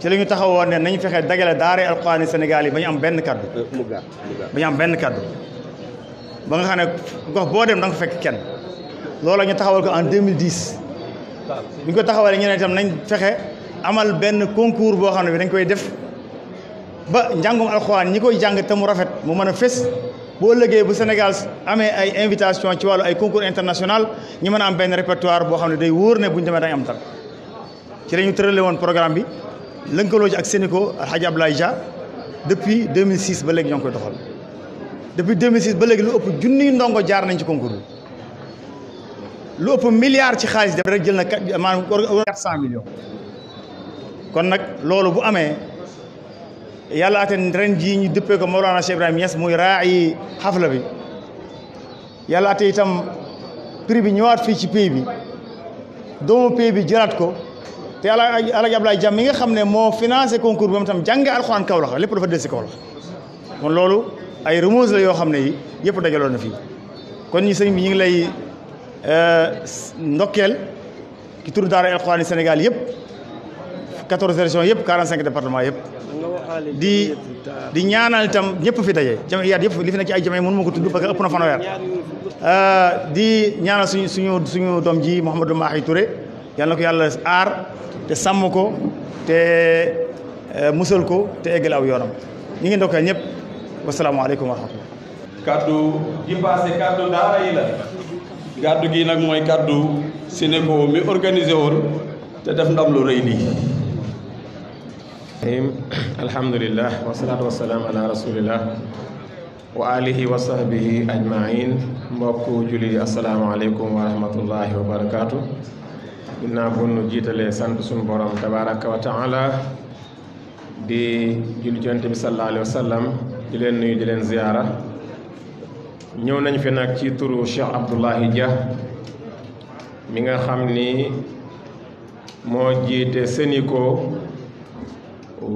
ci la ñu taxawoon ne nañ fexe dagale daare alquraan Sénégal yi ba ñu am benn kaddu euh, ba ñu am benn kaddu ba nga xam ne gox boo dem da nga fekk kenn loola ñu taxawal ko en 2010 bu ñu ko taxawalee ñu ne itam nañ fexe amal benn concours boo xam ne bi dañ koy def ba njàngum alxuraan ñi koy jàng te mu rafet mu mën a fés boo ëllëgee bu Sénégal amee ay invitation ci wàllu ay concours international ñu man a am benn répertoire boo xam ne day wóor ne bu ñu demee dañ am dara ci la ñu tërale woon programme bi lënkaloo ji ak Sénico Alhaji Abdoulaye Dia depuis 2006 ba léegi ñoo ngi koy doxal depuis 2006 ba léegi lu ëpp junniy ndongo jaar nañ ci concours bi lu ëpp milliard ci xaalis def rek jël na maanaam 400 millions kon nag loolu bu amee. yàlla aten ren jii ñu dëppee ko Mawlana Cheikh Ibrahima Niass muy raayi xafla bi yàlla ate itam prix bi ñëwaat fii ci pays bi doomu pays bi jëlaat ko te Alaaji Alaaji Ablaye Dia mi nga xam ne moo financé concours bi moom itam jànge alxuraan Kaolack lépp dafa del si Kaolack kon loolu ay remous la yoo xam ne yi yëpp dajaloon na fii kon ñi sëñ bi ñu ngi lay euh, ndokkeel ki tur daara alxuraan Sénégal yëpp quatorze régions yëpp quarante cinq départements yëpp di di ñaanal tam ñëpp fi daje jamiyaat yëpp li fi nekk ci ay jamiyaat mënu ma ko tudd parce que ëpp na fanweer euh, di ñaanal suñu suñu suñu doom ji Mouhamadou Mahi Touré yal ko yàlla aar te sàmm ko te euh, musal ko te eggale aw yoonam ñu ngi ndokkee ñëpp wasalaamaaleykum wa rahmatullah kaddu gi passé kaddu daara yi la kaddu gi nag mooy kaddu Sénégal mi organisé te def ndam lu rëy lii rahim alhamdulillah wasalaatu wasalaam ala rasulillah wa alihi wa sahbihi ajmain mbokk julli asalaamaaleykum wa rahmatullahi wa barakaatu ginnaa bu nu jiitalee sant suñu borom tabaraka wa taala di julli jonte bi sallallahu alayhi wa sallam di leen nuyu di leen ziyaara ñëw nañ fi nag ci turu Cheikh Abdoulahi Dia mi nga xam ni moo jiite Sénico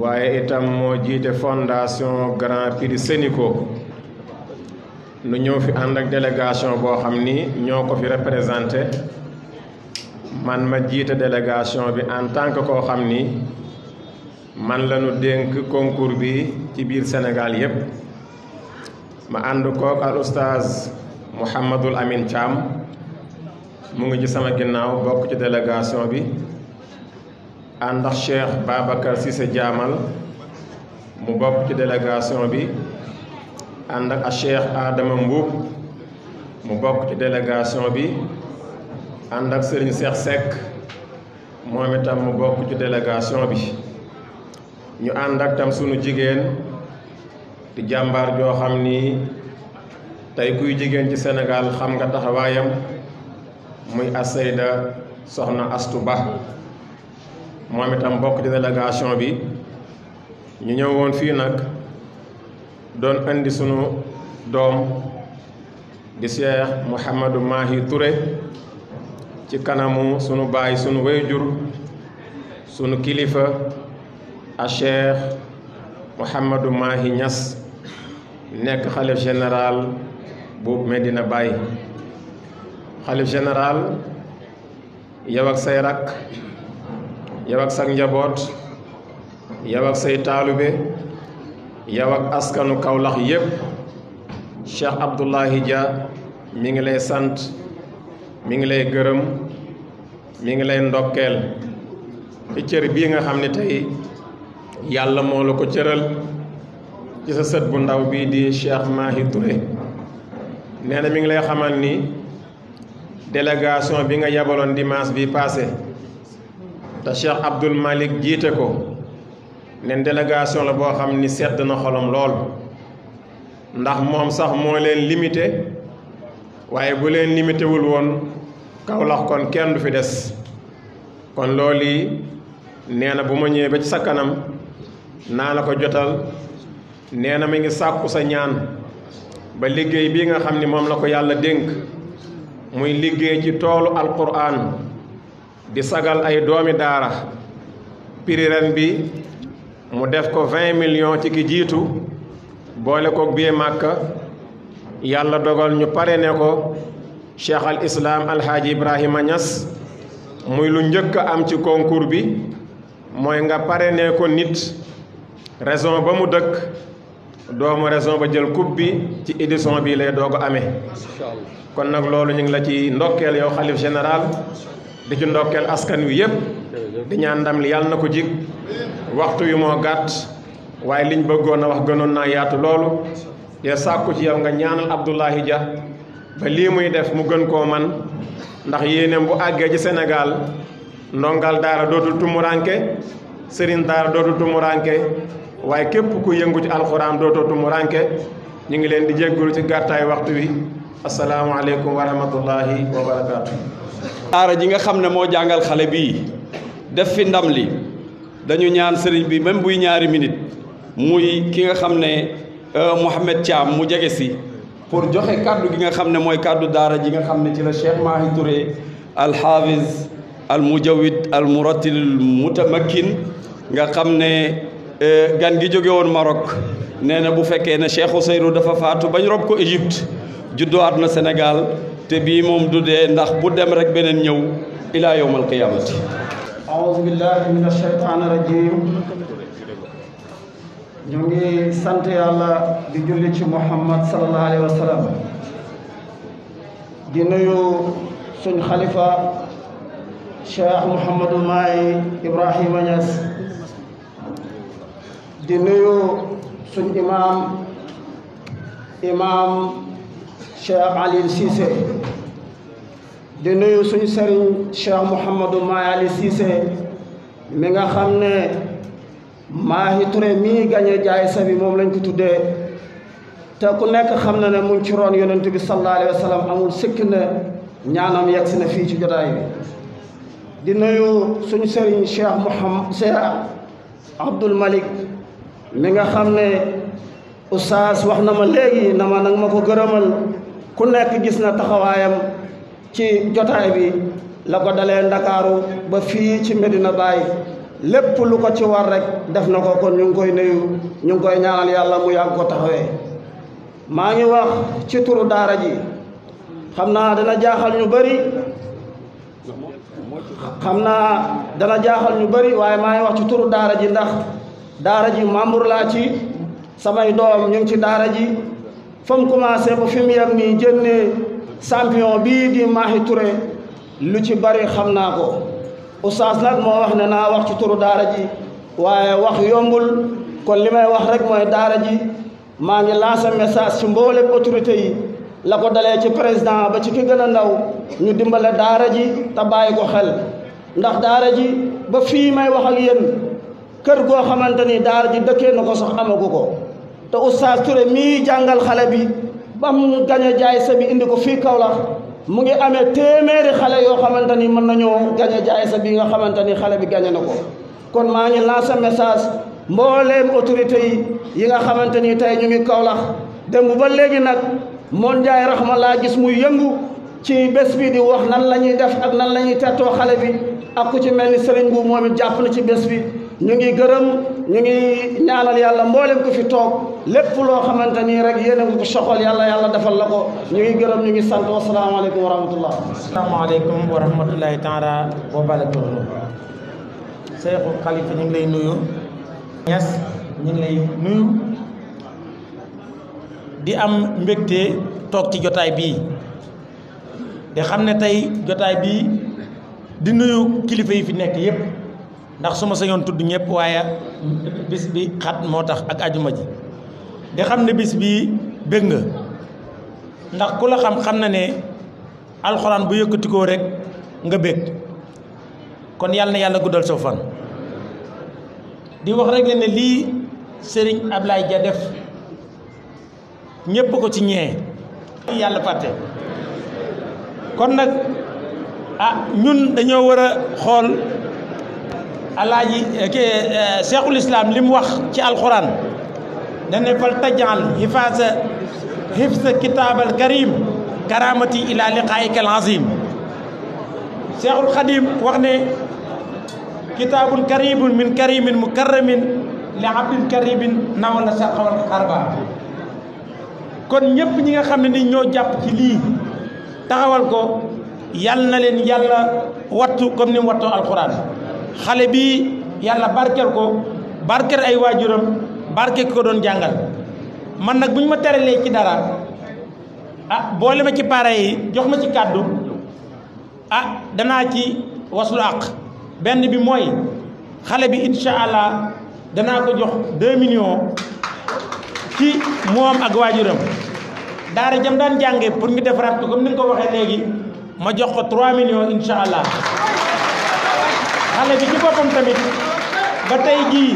waaye itam moo jiite fondation Grand Prix Sénico nu ñëw fi ànd ak délégation boo xam ni ñoo ko fi représenté man ma jiite délégation bi en tant que koo xam ni man lañu dénk konkur bi ci biir Sénégal yépp ma ànd kook al oustaz Mouhamadul Amin Thiam mu ngi ci sama ginnaaw bokk ci délégation bi ànd ak Cheikh Babacar Cissé Diamal mu bokk ci délégation bi ànd ak Cheikh Adama Mboup mu bokk ci délégation bi ànd ak Serigne Cheikh Seck moom itam mu bokk ci délégation bi ñu ànd ak tam sunu jigéen di jàmbaar joo xam ni tey kuy jigéen ci senegal xam nga waayam muy Aseyda soxna Astu Ba moom itam bokk ci délégation bi ñu ñëw woon fii nag doon indi sunu doom di Cheikh Mouhamadou Mahi Touré ci kanamu sunu baay sunu wéyjur sunu kilifa a Cheikh Mouhamadou Mahi Niass nekk xalif général bu Medina Baye xalif général yow ak say rakk yow ak sag njaboot yow ak say taalube yow ak askanu Kawlax yépp Cheikh Abdoulahi Dia mi ngi lay sant mi ngi lay gërëm mi ngi lay ndokkeel ci cër bii nga xam ne tey yàlla moo ko cëral ci sa sët bu ndaw bii di Cheikh Mahi Touré nee na mi ngi lay xamal ni délégation bi nga yabaloon dimaas bi passé te Cheikh Abdoul Malick jiite ko ne délégation la boo xam ni sedd na xolom lool ndax moom sax moo leen limité waaye bu leen limité wul woon Kaolack kon kenn du fi des kon loolu yi nee na bu ma ñëwee ba ci sa kanam naa la ko jotal nee na mi ngi sàkku sa ñaan ba liggéey bii nga xam ni moom la ko yàlla dénk muy liggéey ci toolu alquran di sagal ay doomi daara prix ren bi mu def ko vingt millions ci ki jiitu boole koog bii màkka yàlla dogal ñu pare ne ko cheikh al islam alhaaji ibrahima ñas muy lu njëkk am ci concours bi mooy nga pare ne ko nit raison ba mu dëkk doomu raison ba jël coupe bi ci édition bi lay doog ame amee kon nag loolu ñu ngi la ci ndokkeel yow xalif général di ci ndokkeel askan wi yëpp di ñaan ndam li yàlla na ko jig waxtu yu moo gàtt waaye liñ bëggoon a wax gënoon naa yaatu loolu de sàkku ci yow nga ñaanal Abdoulaye Dia ba lii muy def mu gën koo man ndax yéeneem bu àggee ci senegaal ndongal daara dootul tumuraanke sëriñ daara dootul tumuraanke waaye képp ku yëngu ci alxuraan dootoo tumuraanke ñu ngi leen di jéggulu ci gàttaay waxtu wi asalaamualeykum wa rahmatullahi wa barakaatu. daara ji nga xam ne moo jàngal xale bii def fi ndam li dañu ñaan sëriñ bi même buy ñaari minute muy ki nga xam ne euh, Mouhamed Thiam mu jege si pour joxe kàddu ki nga xam ne mooy kàddu daara ji nga xam ne ci la Cheikh Mahi Touré al-Hafiz al-Mujawid al-Murattil nga xam ne euh, gan gi jóge woon Maroc nee na bu fekkee ne Cheikh Ousseynou dafa faatu bañ rob ko Égypte. judduwaat na Sénégal te bii moom du dee ndax bu dem rek beneen ñëw ilaa yawmal qiyaamati aouzu billahi min ashaytaan rajim ñu ngi sant yàlla di julli ci muhammad sallallahu alayhi wa di nuyu suñ xalifa cheikh mouhamadul maay ibrahima Niass di nuyu suñ imam imam Cheikh Aliou Cissé di nuyu suñu sëriñ Cheikh Mouhamadou Maayali Cissé mi nga xam ne Mahi Touré mii gañe jaay sa bi moom lañ ko tuddee te ku nekk xam na ne mu ngi ci roon yonent bi sallallahu alayhi amul sikk ne ñaanam yegg si na fii ci jotaay bi di nuyu suñu sëriñ Cheikh Mouhamad Cheikh Abdoul Malik mi nga xam ne oustaz wax na ma léegi na ma nag ma ko gërëmal ku nekk gis na taxawaayam ci jotaay bi la ko dalee ndakaaru ba fii ci Medina Baye lépp lu ko ci war rek def na ko kon ñu ngi koy nuyu koy ñaanal yàlla mu yànkoo ko maa ngi wax ci turu daara ji xam naa dana jaaxal ñu bari xam naa dana jaaxal ñu bari waaye maa ngi wax ci turu daara ji ndax daara ji membre laa ci samay doom ñu ci daara fa mu commencé ba mi mu yem nii génnee champion bii di Mahi Touré lu ci bari xam naa ko oustaz nag moo wax ne naa wax ci turu daara ji waaye wax yombul kon li may wax rek mooy daara ji maa ngi lancé message ci mboolem autorité yi la ko dalee ci président ba ci ki gën a ndaw ñu dimbale daara ji te bàyyi ko xel ndax daara ji ba fii may wax ak kër goo xamante ni daara ji dëkkee na ko sax amagu ko te oustaz Touré mii jàngal xale bi ba mu gañ a jaay sa bi indi ko fii Kaolack mu ngi amee téeméeri xale yoo xamante ni mën nañoo gañ a jaay sa bi nga xamante ni xale bi gañ na ko kon maa ngi lancer message mbooleem autorité yi yi nga xamante ni tey ñu ngi Kaolack démb ba léegi nag moon Njaay Rahma laa gis muy yëngu ci bés bi di wax nan la ñuy def ak nan la ñuy tettoo xale bi ak ku ci mel ni sëriñ bu moom jàpp na ci bés bi ñu ngi gërëm ñu ngi ñaanal yàlla mboolem ko fi toog lépp loo xamante nii rek yéen a ngi yàlla yàlla defal la ko ñu ngi gërëm ñu ngi sant wasalaamaaleykum wa rahmatullah asalaamaaleykum wa Xalifa ñu ngi lay nuyu Ñas ñu ngi lay nuyu di am mbégte toog ci jotaay bii di xam ne tey jotaay bii di nuyu kilifa yi fi nekk yépp ndax su ma sañoon tudd ñëpp waaye bis bi xat moo tax ak ajuma ji di xam ne bis bi bég nga ndax ku la xam xam na ne alxuraan bu yëkkatikoo rek nga bég kon yàlla yàlla guddal soo fan di wax rek ne lii sëriñ Ablaye Dia def ñépp ko ci ñee yàlla fàtte kon nag a ah, ñun dañoo war a xool alaaji eh, kii cheikhul eh, islam li wax ci alxuraan dane fal tajal hifaasa hifsa kitaabal karim karamati ila liqaayika al azim cheikhul wax ne kitaabun karimun min karimin mukarramin li abdin karimin nawala sarxawal xarba kon ñëpp ñi nga xam ne ni ñoo jàpp ci lii taxawal ko yal na leen yàlla wattu comme ni wattoo alxuraan xale bi yàlla barkeel ko barkeel ay waajuram barke ko doon jàngal man nag bu ñu ma teralee ci dara a ah, boole ma ci pare yi jox ma ci kàddu ah danaa ci waslu àq benn bi mooy xale bi incha allah danaa ko jox 2 millions ci moom ak waajuram daara jam daan jànge pour ñu defaraat ko comme ni nga ko waxee léegi ma jox ko 3 million incha allah xale bi ci boppam tamit ba tey jii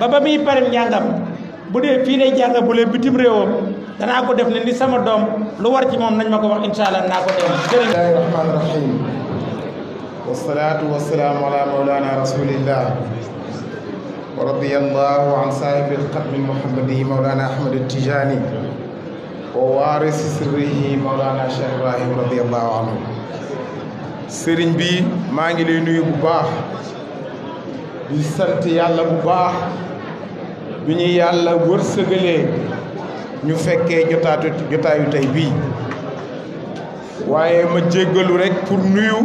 ba ba muy pare njàngam bu dee fii lay jàng bitim réewam danaa ko def ne ni sama doom lu war ci ma ko wax incha allah naa ko def jërëjëf. bismillahi rahmaani rahim wasalaatu wasalaamu ala mawlana rasulillah wa radiyallahu an saahibi alqatmi almuhammadi mawlana ahmad altijani wa waarisi sirrihi mawlana cheikh ibrahim radiyallahu anhu sëriñ bi maa ngi lay nuyu bu baax di sant yàlla bu baax bi ñu yàlla wërsëgalee ñu fekkee jotaatu jotaayu tey bii waaye ma jéggalu rekk pour nuyu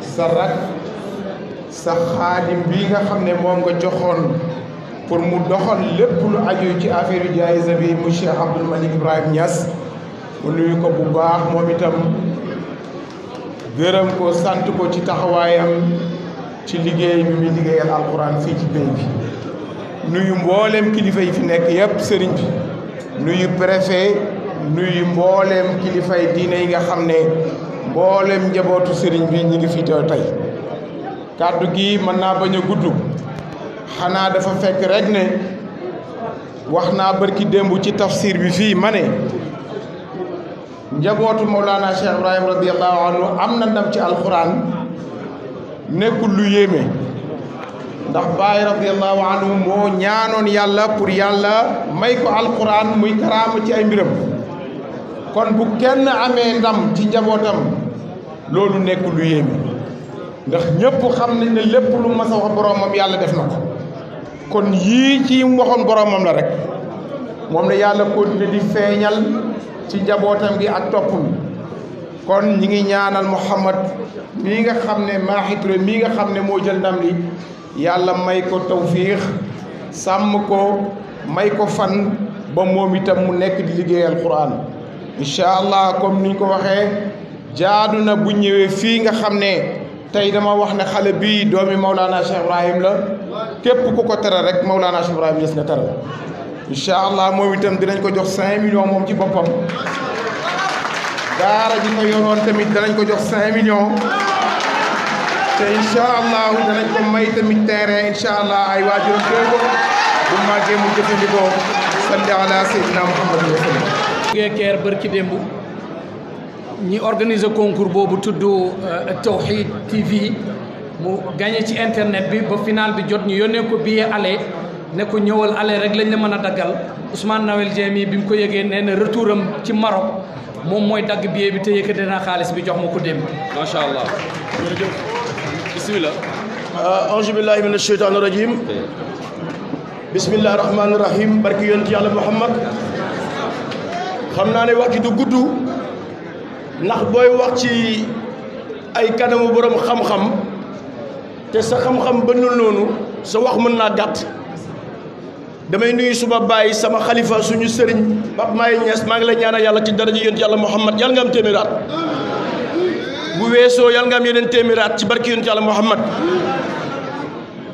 sa rak sa bi nga xam ne moom nga joxoon pour mu doxoon lépp lu aju ci affaire jaayisa bi mu Cheikh Abdoul Malick Ibrahima Niass mu nuyu ko moom itam gërëm ko sant ko ci taxawaayam ci liggéey bi muy liggéeyal alxuraan fii ci béy bi nuyu mbooleem kilifa yi fi nekk yëpp sëriñ bi nuyu préfet nuyu mbooleem kilifa yi diine yi nga xam ne mboolem njabootu sëriñ bi ñu ngi fi teew tey kàddu gi mën naa bañ guddu gudd xanaa dafa fekk rek ne wax naa barki démb ci tafsir bi fi mane njabootu Mawlana Cheikh Ibrahim radiyallahu am na ndam ci alxuraan nekkul lu yéeme ndax Baay radiyallahu anhu moo ñaanoon yàlla pour yàlla may ko alxuraan muy karaama ci ay mbiram kon bu amee ndam ci njabootam loolu nekkul lu yéeme ndax ñëpp xam nañ lépp lu mas a yàlla def na kon yii ci waxoon boromam la rek moom la yàlla continué di feeñal. ci njabootam gi ak topp kon ñi ngi ñaanal Mouhamad mii nga xam ne Mahi mii nga xam ne moo jël ndam li yàlla may ko tawfiix sàmm ko may ko fan ba moom itam mu nekk di liggéeyal Qur'an incha allah comme niñ ko waxee jaadu na bu ñëwee fii nga xam ne tey dama wax ne xale bii doomi Maulana Cheikh Ibrahim la képp ku ko tere rek Maulana Cheikh Ibrahim nga na tere incha allah moom itam dinañ ko jox 5 millions moom ci boppam daara ji ko yoroon tamit danañ ko jox 5 millions te incha allah danañ ko may tamit terrain incha allah ay waajuram jooy ko bu màggee mu jëfandikoo salli ala sayyidina muhammad wa sallam ngee keer bërki démb ñi organiser concours boobu tudd euh, Tawhid TV mu gagné ci internet bi ba final bi jot ñu yónnee ko billet aller ne ko ñëwal aller rek lañ la mën a daggal Ousmane Noël Dieng mii bi mu ko yëgee nee na retour am ci Maroc moom mooy dagg billet bi te yëkkate naa xaalis bi jox ma ko démb. macha allah. jërëjëf bisimilah. Euh, auzu billahi mina sheytaani rajim. bisimilah rahmaani rahim barki yonent yàlla Muhammad xam naa ne wax ji du gudd ndax booy wax ci ay kanamu borom xam-xam te sa xam-xam bënnul noonu sa wax mën naa gàtt. damay nuyu suma bàyyi sama xalifa suñu sëriñ Pape Maye Niass maa ngi lay ñaanal yàlla ci daraja yonent yàlla Muhammad yàlla nga téeméeraat bu weesoo yaa nga am yeneen téeméeraat ci barki yonent yàlla Muhammad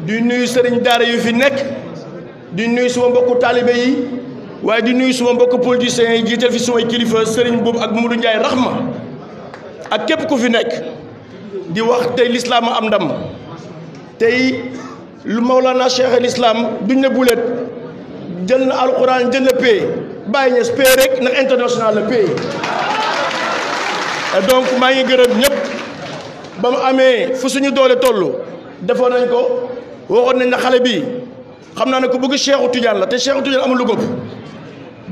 di nuyu sëriñ daara yu fi nekk di nuyu suma mbokku taalibe yi waaye di nuyu suma mbokku politiciens yi jiital fi sumay kilifa sëriñ boobu ak Moudou Ndiaye Rahma ak képp ku fi nekk di wax tey lislaam am ndam tey lu Mawlana Cheikh al Islam duñ jën na alxuraan jël na pay bàyyi ñes pay rek ndax international la pay et donc maa ngi gërëm ñëpp ba mu amee fu suñu doolee toll defoon nañ ko waxoon nañ na xale bi xam naa ne ku bëgg Cheikhu Tidiane la te Cheikhu Tidiane amul lu góob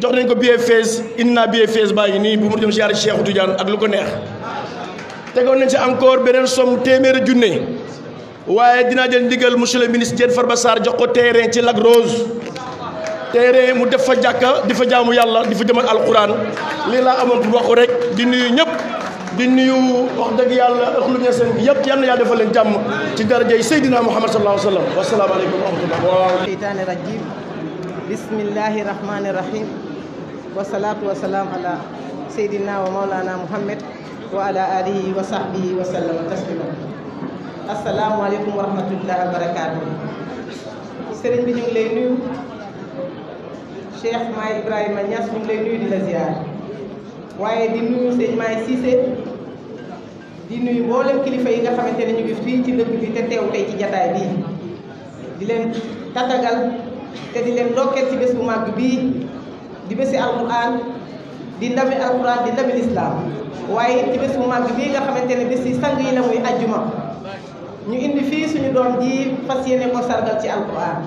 jox nañ ko billet Fès indi naa billet Fès baa ngi nii bu mu dem siyaare Cheikhu ak lu ko neex tegoon nañ si encore beneen somme téeméeri junne waaye dinaa jël ndigal monsieur le ministre Diène ba saar jox ko terrain ci Lac Rose téere mu def fa jàkka di fa jaamu yàlla di fa jëmal alquran lii laa amoon pour waxu rek di nuyu ñëpp di nuyu wax dëgg yàlla ëxlu ñe seen bi yëpp yal na yàlla defal leen jàmm ci darajey Seydina Muhammad sallallahu alayhi wa sallam wasalaamaaleykum wa rahmatullah waaw seytaani rajim bismillahi rahmani rahim wasalaatu wasalaam ala Seydina wa Mawlana Muhammad wa ala alihi wa sahbihi wa sallama taslima asalaamaaleykum wa rahmatullah wa barakaatu sëriñ bi ñu ngi lay nuyu Cheikh Maay Ibrahima Niass ñu ngi lay nuyu di la ziar waaye di nuyu sëñ Maay Cissé di nuyu mboolem kilifa yi nga xamante ne ñu ngi fii ci dëkk bi te teew tey ci jataay bii di leen tatagal te di leen ndokkeel ci bés bu màgg bii di bési alquran di ndami alquran di ndami lislaam waaye ci bés bu màgg bii nga xamante ne bési sang yi la muy ajjuma ñu indi fii suñu doom ji fas yéene ko sargal ci alquran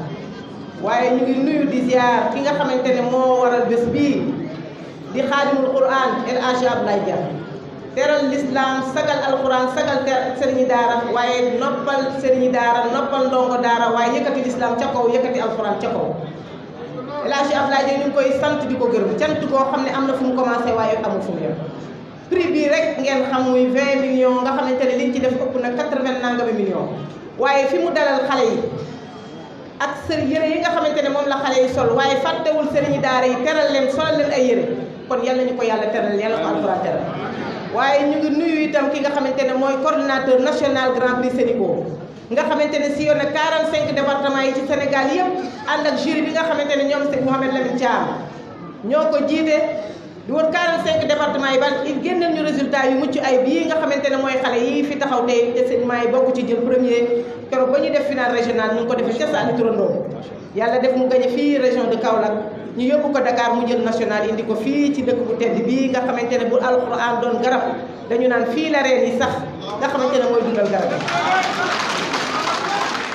waaye ñu ngi nuyu di ziar ki nga xamante ne moo waral bés bii di xaadimul quran El Hadj Abdoulaye Dia teral l'islam sagal alquran sagal sëriñi daara waaye noppal sëriñi daara noppal ndongo daara waaye yëkkati l'islam ca kaw yëkkati alquran ca kaw El Hadj Abdoulaye Dia ñu ngi koy sant di ko gërëm cant koo xam ne am na fu mu commencé waaye amul fu mu yem prix bii rek ngeen xam muy 20 millions nga xamante ne liñ ci def ëpp na 80 nangami millions waaye fi mu dalal xale yi ak sër yëre yi nga xamante ne moom la xale yi sol waaye fàttewul sëriñu daara yi teral leen solal leen ay yëre kon yal ñu ko yàlla teral yàlla ko alxuraan teral waaye ñu ngi nuyu itam ki nga xamante ne mooy coordinateur national grand prix Sénégal nga xamante ne si yoon na 45 départements yi ci Sénégal yëpp ànd ak jury bi nga xamante ne ñoom Seydou Mouhamed Lamine Thiam ñoo ko jiite lu wër 45 département yi ban génneel ñu résultat yu mucc ay bii nga xamante ne mooy xale yi fi taxaw tey enseignement yi bokk ci jël premier keroog ba ñu def final régional ñu ko defee ca Sani Turandoo yàlla def mu gañe fii région de Kaolack ñu yóbbu ko Dakar mu jël national indi ko fii ci dëkk bu tedd bii nga xamante ne bu alxuraan doon garab dañu naan fii la reen yi sax nga xamante ne mooy dundal garab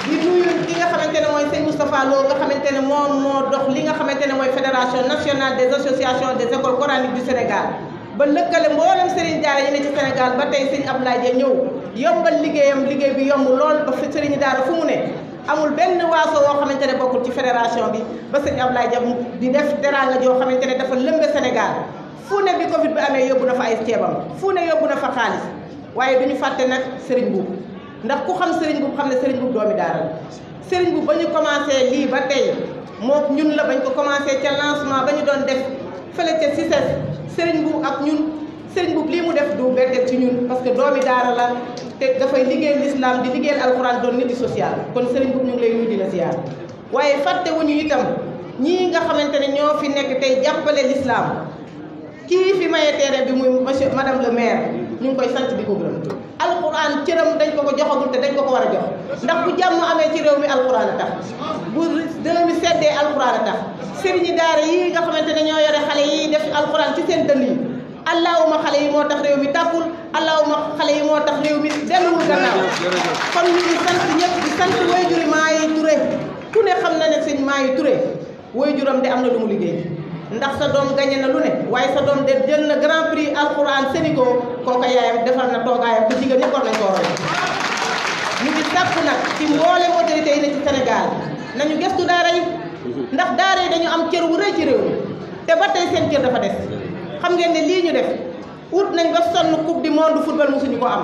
di nuyu ki nga xamante ne mooy sëñ Moustapha nga xamante ne moom moo dox li nga xamante ne mooy fédération national des associations des écoles coraniques du Sénégal ba lëkkale mboolem Serigne Daara yi ne ci Sénégal ba tey sëñ Abdoulaye Dia ñëw yombal liggéeyam liggéey bi yomb lool ba fi Serigne Daara fu mu ne amul benn waaso woo xamante ne bokkul ci fédération bi ba sëñ Abdoulaye Dia di def teraanga joo xamante ne dafa lëmbe Sénégal fu ne bi bi amee yóbbu na fa ay ceebam fu ne yóbbu na waaye du ñu fàtte nag Serigne Boubou. ndax ku xam sëriñ bu xam ne sëriñ bu doomi daara la ba ñu commencé lii ba tey moo ñun la bañ ko commencé ca lancement ba ñu doon def fële ca CICES sëriñ bu ak ñun sëriñ bu lii mu def du bette ci ñun parce que doomi daara la te dafay liggéeyal l'islam di liggéeyal alxuraan doon nit di social kon sëriñ bu ñu ngi lay nuyu di la ziar waaye fàtte wuñu itam ñii nga xamante ne ñoo fi nekk tey jàppale l'islam kii fi maye terrain bi muy monsieur madame le maire ñu ngi koy sant di ko alquran cëram dañ ko ko te dañ ko ko war a jox ndax bu jàmm amee mi alquran a tax bu réew mi seddee alquran a yi nga xamante ne ñoo yore xale yi def alquran ci seen dënn yi allahuma xale yi moo tax réew mi yi moo tax réew mi delluwul gannaaw kon ñu ngi sant ñëpp di sant wayjuri Mahi Touré ku ne xam na ne sëñ Mahi Touré wayjuram de am na lu mu liggéey ndax sa doom gañe na lu ne waaye sa doom der jël na grand prix alquran Sénégal kooka yaayam defal na toogaayam te jigéen ñi war nañ koo roy ñu ngi sàpp nag ci mboolem autorité yi ne ci Sénégal nañu gëstu daara yi ndax daara yi dañu am cër wu rëy ci réew te ba tey seen cër dafa des xam ngeen ne lii ñu def ut nañ ba sonn coupe du monde football mosuñu ko am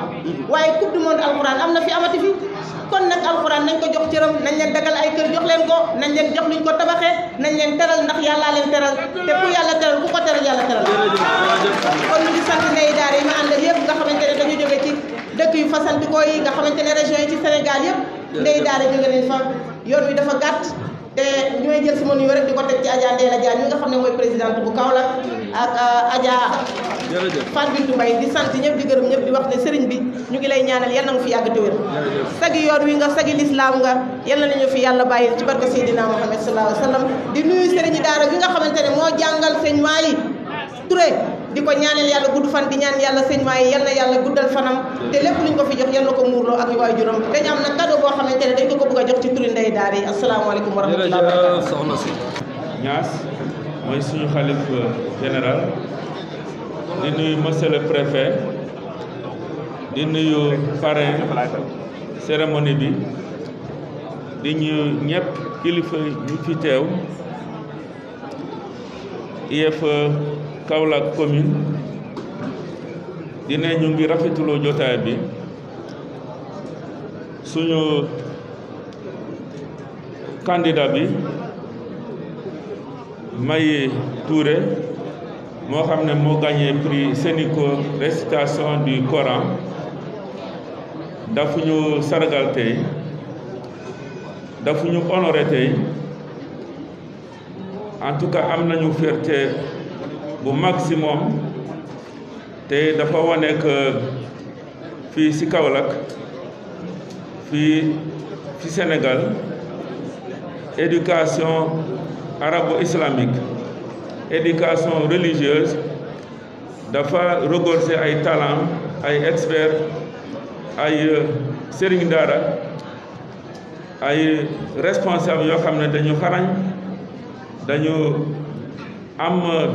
waaye coupe du monde alxuraan am na fi amati fi kon nag alxuraan nañ ko jox cëram nañ leen dagal ay kër jox leen ko nañ leen jox luñ ko tabaxee nañ leen teral ndax yàllaa leen teral te ku yàlla teral ku ko teral yàlla teral kon ñu ngi sant ndey daara yi ma àndal yëpp nga xamante ne dañu jóge ci dëkk yu fa fasantikoo yi nga xamante ne région yi ci Sénégal yëpp ndey daara jóge nañ fa yoon wi dafa gàtt te ñooy jël sama nuyu rek di ko teg ci Adja Ndéla Dia ñi nga xam ne mooy présidente bu Kaolack ak euh, Adja Fatou Bintou Mbaye di sant ñëpp di gërëm ñëpp di wax ne sëriñ bi ñu ngi lay ñaanal yal na nga fi yàgg te wér sagi yoon wi nga sagi lislaam nga yal na ñu fi yàlla bàyyi ci barke Seydina Muhammad sallallahu alayhi wa sallam di nuyu sëriñ daara bi nga xamante ne moo jàngal sëñ Maalik Touré di ko ñaanal yàlla gudd fan di ñaan yàlla sëñ Maye yal na yàlla guddal fanam te lépp luñ ko fi jox yal na ko muurloo ak yu waajuram dañu am nag cadeau boo xamante ne dañ ko ko jox ci turi ndey daara yi asalaamaaleykum wa rahmatulah jërëjëf euh, di nuyu monsieur le di nuyu parrain cérémonie bi di ñu ñëpp kilifa ñu fi teew IEF e Kaolack commune dina ñu ngi rafetuloo jotaay bi suñu candidat bi Maye Touré moo xam ne moo gagné prix Sénico récitation du Coran dafuñu ñu sargal tey dafa tout cas am nañu fierté bu maximum te dafa wane que fii ci Kaolack fii ci Sénégal éducation arabo-islamique éducation religieuse dafa regorger ay talent ay experts ay euh, sëriñ daara ay responsable yoo xam ne dañu xarañ dañu am euh,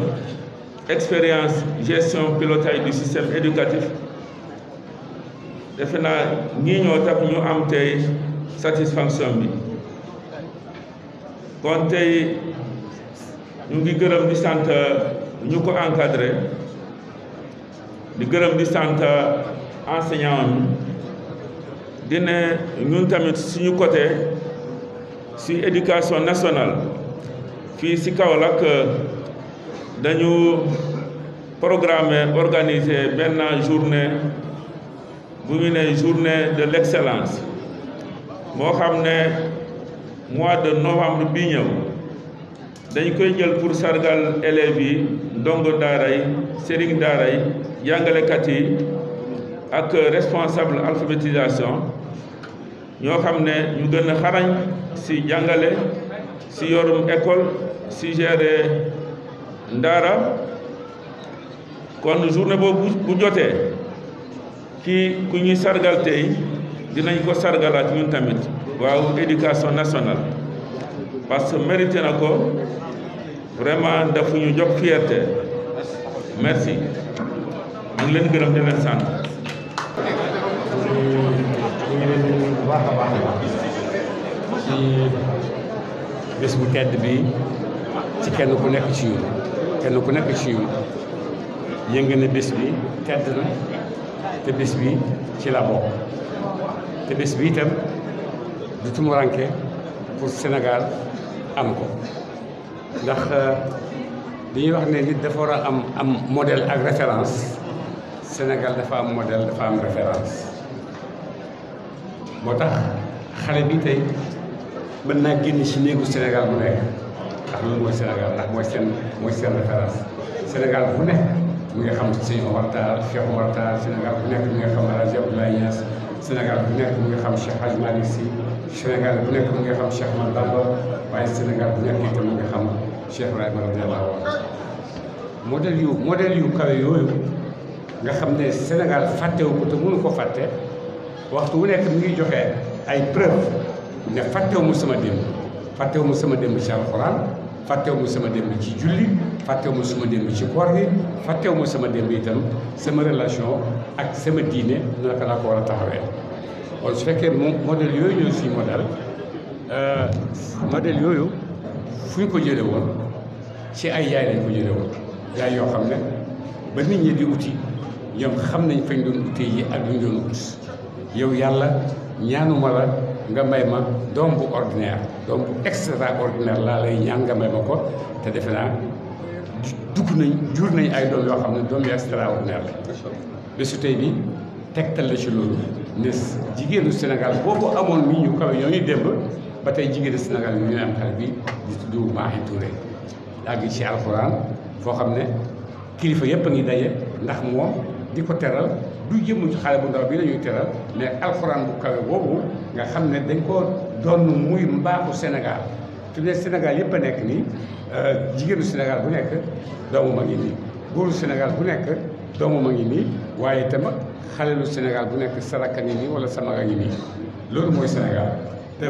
expérience gestion pilotage bi système éducatif defe naa ñii ñoo tax ñu am tey satisfaction bi kon tey ñu ngi gërëm di sant ñu ko encadré di gërëm di sant enseignant ñu di ne ñun tamit suñu côté si éducation nationale fii si kaw Kaolack dañu programmer organiser benn journée bu ñu ne journée de l'excellence moo xam ne mois de novembre bii ñëw dañ koy jël pour sargal élèves yi ndongo daara yi sëriñ daara yi jàngalekat yi ak responsable alphabétisation ñoo xam ne ñu gën xarañ si jàngale si yorum école ci gérer ndaara kon journée boobu bu jotee kii ku ñuy sargal dinañ ko sargalaat ñun tamit waaw éducation nationale parce que mérité na ko vraiment dafa ñu jox fierté merci ñu leen gërëm sant ñu ngi leen bu baax bi ci kenn ku nekk ci ñun kenn ku nekk ci ñun yëngu na bés bi tedd na te bés bi ci la bokk te bés bi itam du tumuranke pour Sénégal am ko ndax li euh, ñuy wax ne nit dafa war a am am modèle ak référence Sénégal dafa am modèle dafa am référence moo tax xale bi tey mën naa génn ci néegu Sénégal bu nekk ndax loolu mooy Sénégal ndax mooy seen mooy seen référence Sénégal bu nekk mi nga xam sëñ Omar Tall Cheikh Omar Sénégal bu nekk mi nga xam El Hadj Abdoulaye Sénégal bu nekk mi nga xam Cheikh Hadj Malick Sy Sénégal bu nekk mi nga xam Sénégal bu yu modèle yu kawe yooyu nga xam ne Sénégal fàttewu ko te mënu ko fàtte waxtu wu nekk mi ngi joxe ay preuve ne fàttewu mu sama diin fàttewuma sama démb ci alxuraan fàttewuma sama demb ci julli fàttewuma sama démb ci koor gi fàttewuma sama démb itam sama relation ak sama diine naka laa war a taxawee kon su fekkee moom modèle yooyu ñoo suñu modèle euh, modèle yooyu fu ñu ko jële woon ci ay yaay lañ ko jële woon yaay yoo xam ne ba nit ñi di uti ñoom xam nañ fañ doon utee yi ak lu ñu doon ut yow yàlla ñaanuma la nga may ma doom bu ordinaire doom bu extraordinaire laa lay ñaan nga may ma ko te defe naa dugg nañ jur nañ ay doom yoo xam ne doom yu extraordinaire la bésu tey bi tegtal la ci loolu ne jigéenu Sénégal boobu amoon mi ñu kawe ñooñu démb ba tey jigéenu Sénégal ñu am xale bi di tudd Mahi Touré àgg ci alxuraan foo xam ne kilifa yëpp a ngi daje ndax moom di ko teral du jëmm ci xale bu ndaw bi la ñuy teral mais alxuraan bu kawe boobu nga xam ne dañ koo doon muy mbaaxu Sénégal fi ne Sénégal yëpp a nekk nii euh, jigéenu Sénégal bu nekk doomu ma ngi nii góoru Sénégal bu nekk doomu ma ngi nii waaye itam xalelu Sénégal bu nekk saraka ngi nii wala samaga ngi nii loolu mooy Sénégal te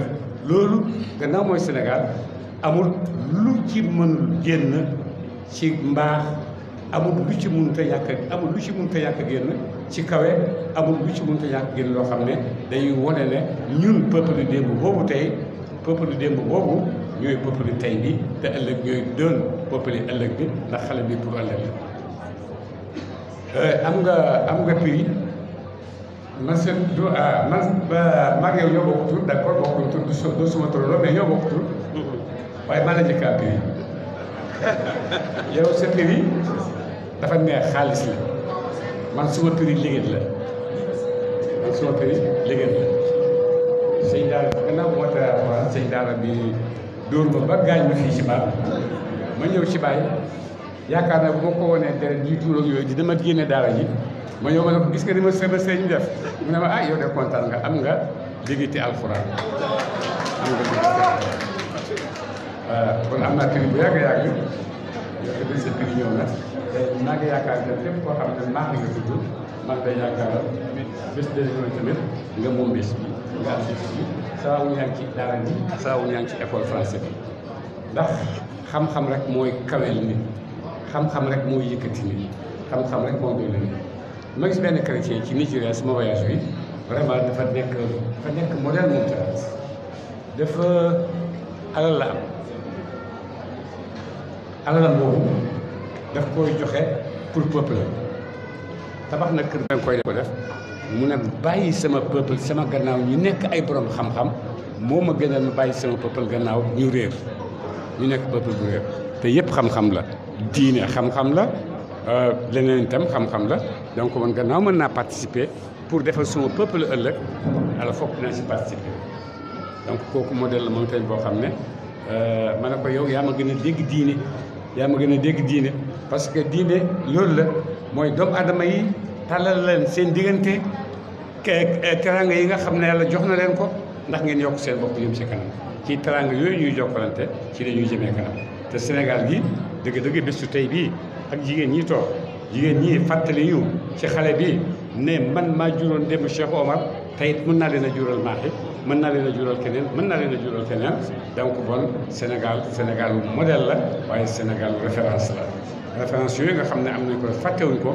loolu gannaaw mooy Sénégal amul lu ci mënul génn ci mbaax amul lu ci mënut a yàq amul lu ci mënut a yàq génn ci kawe amul bu ci mënut a yàq génn loo xam ne day wone ne ñun peuple du démb boobu tey peuple du démb boobu ñooy peuple du bi te ëllëg ñooy doon peuple ëllëg bi ndax xale bi pour ëllëg la. Eh, am nga am nga prix man seen du ah, man maa ngi ñoo bokk tur d' accord bokkuñ tur du suma tur mais ñoo bokk tur mm-hmm. waaye maa la njëkk a prix sa prix dafa neex xaalis la man suma prix liggéey la man suma prix liggéey daara moo tax waa sëñ daara bi dóor ma ba gaañ ma fii ci baal ma ñëw ci bàyyi yaakaar naa bu ma ko wanee deret ji tuur ak yooyu dina ma génne daara ji ma ñëw ma ne ko gis nga ni ma sama sëñ def mu ne ma ah yow de kontaan nga am nga diggante alxuraan am nga diggante kon am naa prix bu yàgg-yàgg yow de sa prix ñëw na te naa ngi yaakaar ne képp koo xam ne maa ngi nga tudd maa ngi lay yaakaaral bés de tamit nga moom bés bi nga am bés bi saa wu ñaa ngi ci daara ji saa wu ñaa ngi ci école français bi ndax xam-xam rek mooy kawel nit xam-xam rek mooy yëkkati nit xam-xam rek moo doy la nit ma benn chrétien ci Nigeria suma voyage bi vraiment dafa nekk dafa nekk modèle moom tamit dafa alal la am boobu daf koy joxe pour peuple tabax na kër danga koy def mu ne bàyyi sama peuple sama gannaaw ñu nekk ay borom xam-xam moo ma gënal ma bàyyi sama peuple gannaaw ñu réer ñu nekk peuple bu réer te yëpp xam-xam la diine xam-xam la euh, leneen itam xam-xam la donc man gannaaw mën naa participer pour defal sama peuple ëllëg ala foog naa si participer donc kooku modèle la moom boo xam ne euh, ma ne ko yow yaa ma gën a dégg diine yaa ma gën a dégg diine parce que diine loolu la mooy doomu aadama yi tàllal leen seen diggante eh, teranga yi nga xam ne yàlla jox na leen ko ndax ngeen yokk seen bopp jëm si kanam ci teranga yooyu ñuy jokkalante ci la ñuy jëmee kanam te senegaal gi dëgg-dëgg bésu tey bii ak jigéen ñi toog jigéen ñi fàttali ñu ci xale bi ne man maa juróon démb Cheikh Omar tey mën naa leen a jural maaxi mën naa leen a jural keneen mën naa leen a jural keneen donc bon senegaal Sénégal modèle la waaye Sénégal référence yooyu nga xam ne am nañ ko fàttewuñ ko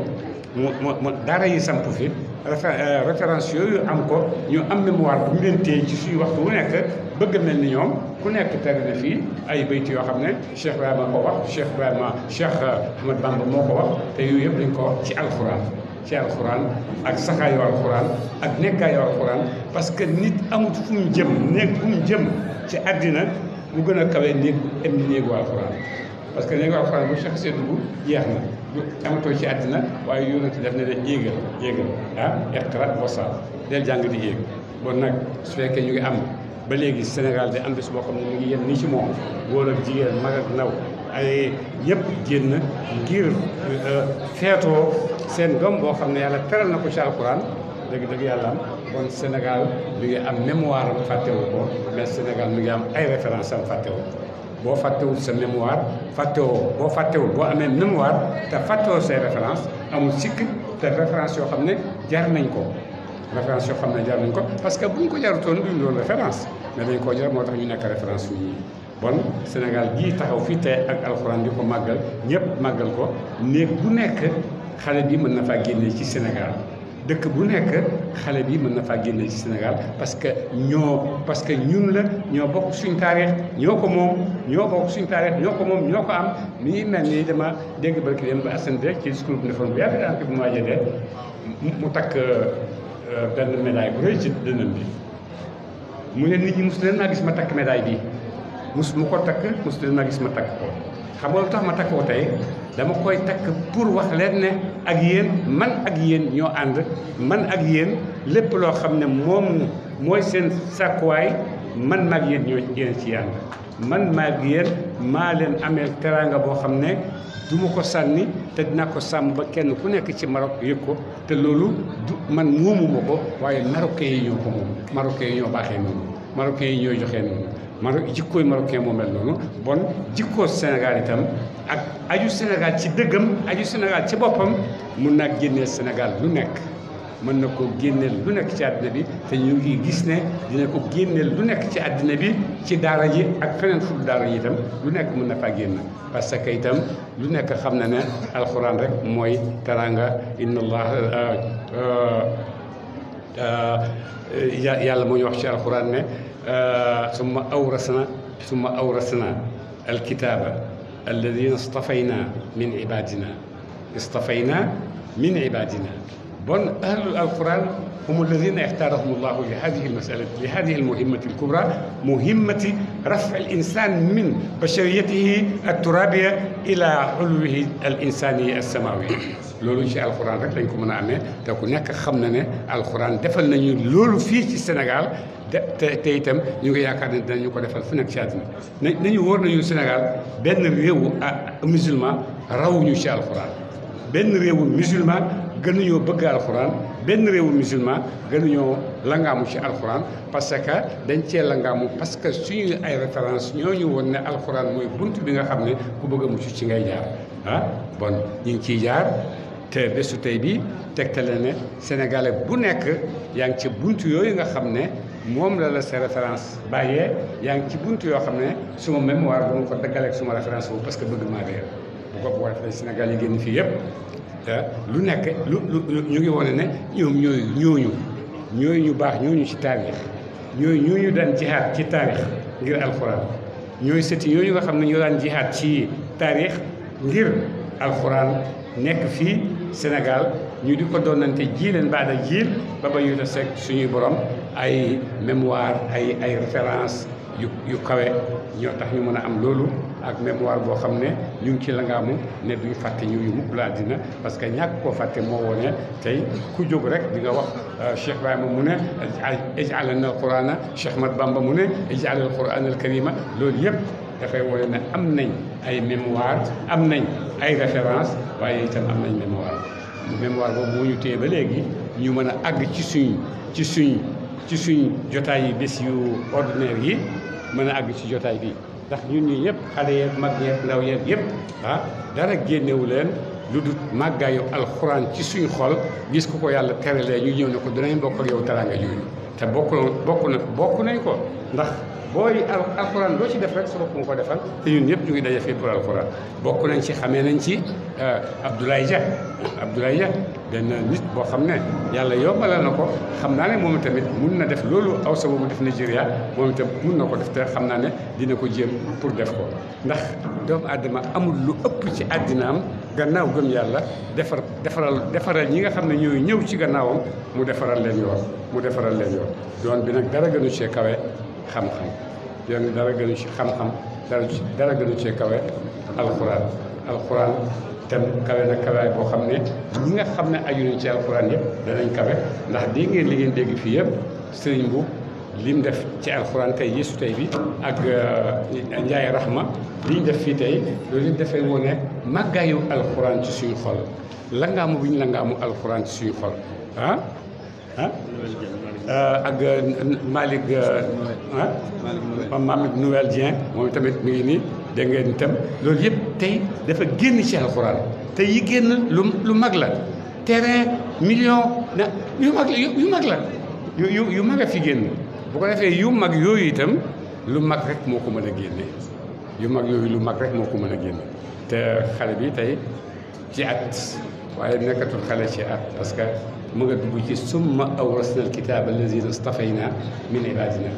mu mu mu daara yi samp fi euh, référence yooyu am ko ñu am mémoire bu ñu leen téye ci suñu waxtu wu nekk bëgg mel ni ñoom ku nekk tere na fii ay bayt yoo xam ne Cheikh Ibrahima ko wax Cheikh Ibrahima Cheikh euh, Ahmad Bamba moo ko wax te yooyu yëpp dañ ko ci alxuraan ci alxuraan ak saxaayu alxuraan ak nekkaayu alxuraan parce que nit amut fu mu jëm nekk fu jëm ci àddina mu gën a kawe nit am néegu alxuraan parce que li nga wax bu sax see dugg jeex na du amatoo ci àddina waaye yonent def ne de yéegal yéegal ah iqra wasa del jàng di yéeg bon nag su fekkee ñu ngi am ba léegi Sénégal di am bés boo xam ne mu ngi yem nii ci moom góor ak jigéen mag ak ndaw ay ñëpp génn ngir euh, feetoo seen doom boo xam ne yàlla teral na ko ci alxuraan dëgg dëgg yàlla am kon Sénégal mi ngi am mémoire am fàttewu ko mais Sénégal mi ngi am ay référence am fàttewu boo fàttewul sa mémoire fàttewoo boo fàttewul boo amee mémoire te fàttewoo say référence amul sikk te référence yoo xam ne jar nañ ko référence yoo xam ne jar nañ ko parce que bu ñu ko jarutoon duñ loolu référence mais dañ koo jar moo tax ñu nekk référence yu ñii bon Sénégal gii taxaw fii tey ak alxuraan di ko màggal ñëpp màggal ko néeg bu nekk xale bi mën na faa génnee ci Sénégal dëkk bu nekk xale bi mën na faa génne ci senegal parce que ñoo parce que ñun la ñoo bokk suñ taarix ñoo ko moom ñoo bokk suñ taarix ñoo ko moom ñoo ko am mi mel ni dama dégg barki dem ba Assane Dia ci discours bu bi yàgg ma mu takk euh, benn médaille bu rëy ci dënnam bi mu ne nit ñi mos leen naa gis ma takk médaille bi mos mu ko takk mos leen naa gis ma takk ko xam lu tax ma takk ko tey dama koy takk pour wax leen ne ak yéen man ak yéen ñoo ànd man ak yéen lépp loo xam ne moom mooy seen sàkkuwaay man maag yéen ñoo yéen ci ànd man maag yéen maa leen amee teraanga boo xam ne du ko sànni te dina ko sàmm ba kenn ku nekk ci Maroc yëg ko te loolu du man muumuma ko waaye marocain yi ñoo ko moom marocain yi ñoo baaxee noonu marocain yi ñoo joxee noonu Maroc jikkooy marocain moo mel noonu bon jikkoo Sénégal itam ak aju Sénégal ci dëggam aju Sénégal ci boppam mun naa génneel Sénégal lu nekk mën na ko génneel lu nekk ci àddina bi te ñu ngi gis ne ko génneel lu nekk ci àddina bi ci daara ji ak feneen fu daara ji itam lu nekk mën na faa génn parce que itam lu nekk xam na ne alxuraan rek mooy teraanga inna allah euh, euh, euh, yàlla moo ñu wax ci alxuraan ne summa awrasna summa awrasna alkitaaba alladina istafayna min ibadina istafayna min ibadina bon ahlul alquran hum alladina ixtaarahum allahu li hadihi almasalati li hadihi almuhimmati alkubra muhimmati rafci alinsan min bashariyatihi alturabiya ila xulwihi alinsaniya alsamawiya loolu ci alxuraan rek lañ ko mën a amee te ku nekk xam na ne alxuraan defal nañu loolu fii ci Sénégal te te itam ñu ngi yaakaar ni dañu ko defal fu nekk ci àddina nañu wóor nañu Sénégal benn réewu ah, musulman rawuñu ci alxuraan benn réewu musulman gënuñoo bëgg alxuraan benn réewu musulman gënuñoo langaamu ci alxuraan parce que dañ cee langaamu parce que suñu ay référence ñooñu woon ne alxuraan mooy bunt bi nga xam ne ku bëgg a mucc ci ngay jaar ah bon ñu te bésu tey bi tegtale ne sénégalais bu nekk yaa ngi ci bunt yooyu nga xam ne moom la la sa référence bàyyee yaa ngi ci bunt yoo xam ne suma mémoire bu ma ko daggaleeg suma référence boobu parce que bëgg maa réer bu ko boole fay Sénégal yi génn fii yëpp lu nekk lu lu ñu ngi wane ne ñoom ñooy ñooñu ñooy ñu baax ñooñu ci taarix ñooy ñooñu daan jihaat ci taarix ngir alxuraan ñooy sëti ñooñu nga xam ne ñoo daan jihaat ci taarix ngir alxuraan nekk fii Sénégal ñu di ko doonante jiileen baada jiil ba ba ñu taseeg suñuy borom ay mémoire ay ay référence yu yu kawe ñoo tax ñu mën a am loolu ak mémoire boo xam ne ñu ngi ci langaamu ne duñu fàtte ñu yu mukk laa dina parce que ñàkk koo fàtte moo wone tey ku jóg rek di nga wax euh, Cheikh a mu ne ij'alna al-Qur'ana Cheikh Mat Bamba mu ne ij'al al-Qur'ana al-Karima loolu yëpp dafay wone ne am nañ ay mémoire am nañ ay référence waaye itam am nañ mémoire mémoire boobu moo ñu téye ba léegi ñu mën a àgg ci suñ ci suñ ci suñ jotaay yi bés yu ordinaire yi mën a àgg ci jotaay bi ndax ñu ñii ñëpp xale yeeg mag yeeg ndaw yeeg yëpp ah dara génnewu leen lu dul màggaayu alxuraan ci suñu xol gis ku ko yàlla teralee ñu ñëw ne ko dinañ bokk ak yow teraanga jooju te bokk na bokk na bokk nañ ko ndax. booy alxuraan loo ci def rek sa bopp nga ko defal te ñun ñëpp ñu ngi daje fii pour alxuraan bokk nañ ci xamee nañ ci euh, Abdoulaye Dia Abdoulaye Dia benn nit boo xam ne yàlla yombalal na ko xam naa ne moom tamit mun na def loolu aw sa mu def Nigeria moom itam mun na ko def te xam naa ne dina ko jéem pour def ko ndax doomu aadama amul lu ëpp ci àddinaam gannaaw gëm yàlla defar defaral defaral ñi nga xam ne ñooy ñëw ci gannaawam mu defaral leen yoon mu defaral leen yoon yoon bi nag gënu cee kawe xam-xam yoon wi dara gënu ci xam-xam dara dara gënu cee kawe alxuraan alxuraan tem kawe na kawaay boo xam ne ñi nga xam ne aju nañ ci alxuraan yëpp danañ kawe ndax dégg ngeen li ngeen dégg fii yëpp sëriñ bu lim def ci alxuraan tey yeesu tey bi ak euh, njaay rahma liñ def fii tey loolu dafay wone màggaayu alxuraan ci suñu xol langaamu bi ñu langaamu alxuraan ci suñu xol ah? ah ak euh, Malick ah euh, Malick Noël moom tamit mi nii dégg ngeen itam loolu yëpp tey dafa génn ci alxuraan te yi génn lu lu mag la terrain million na yu mag la yu mag la yu yu fi génn bu ko defee yu mag yooyu itam lu mag rek moo ko mën a génne yu mag yooyu lu mag rek moo ko mën a génne te xale bi tey ci at waaye nekkatul xale ci at parce que mu nga dugg ci summa awrasna alkitaaba allazina stafayna min ibadina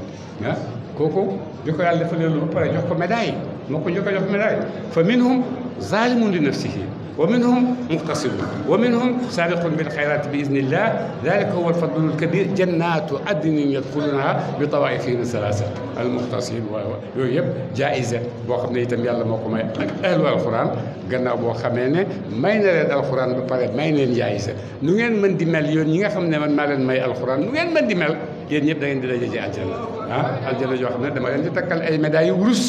ah kooku bi ko yàlla defalee lu ba pare jox ko médaille moo ko njëkk a jox médaille fa minhum zalimun li nafsihi ومنهم مقتصد ومنهم سابق بالخيرات بإذن الله ذلك هو الفضل الكبير جنات عدن يدخلونها بطوائفهم ثلاثة المقتصد yooyu yëpp jaayisa boo xam ne itam yàlla moo ko may ak ahlu alxuraan gannaaw boo xamee ne may na leen alxuraan ba pare may leen jaayisa nu ngeen mën di mel yoon ñi nga xam ne man maa leen may alxuraan nu ngeen mën di mel yéen ñëpp da ngeen di daje ci aljana ah aljana yoo xam ne dama leen di takkal ay médailles yu wurus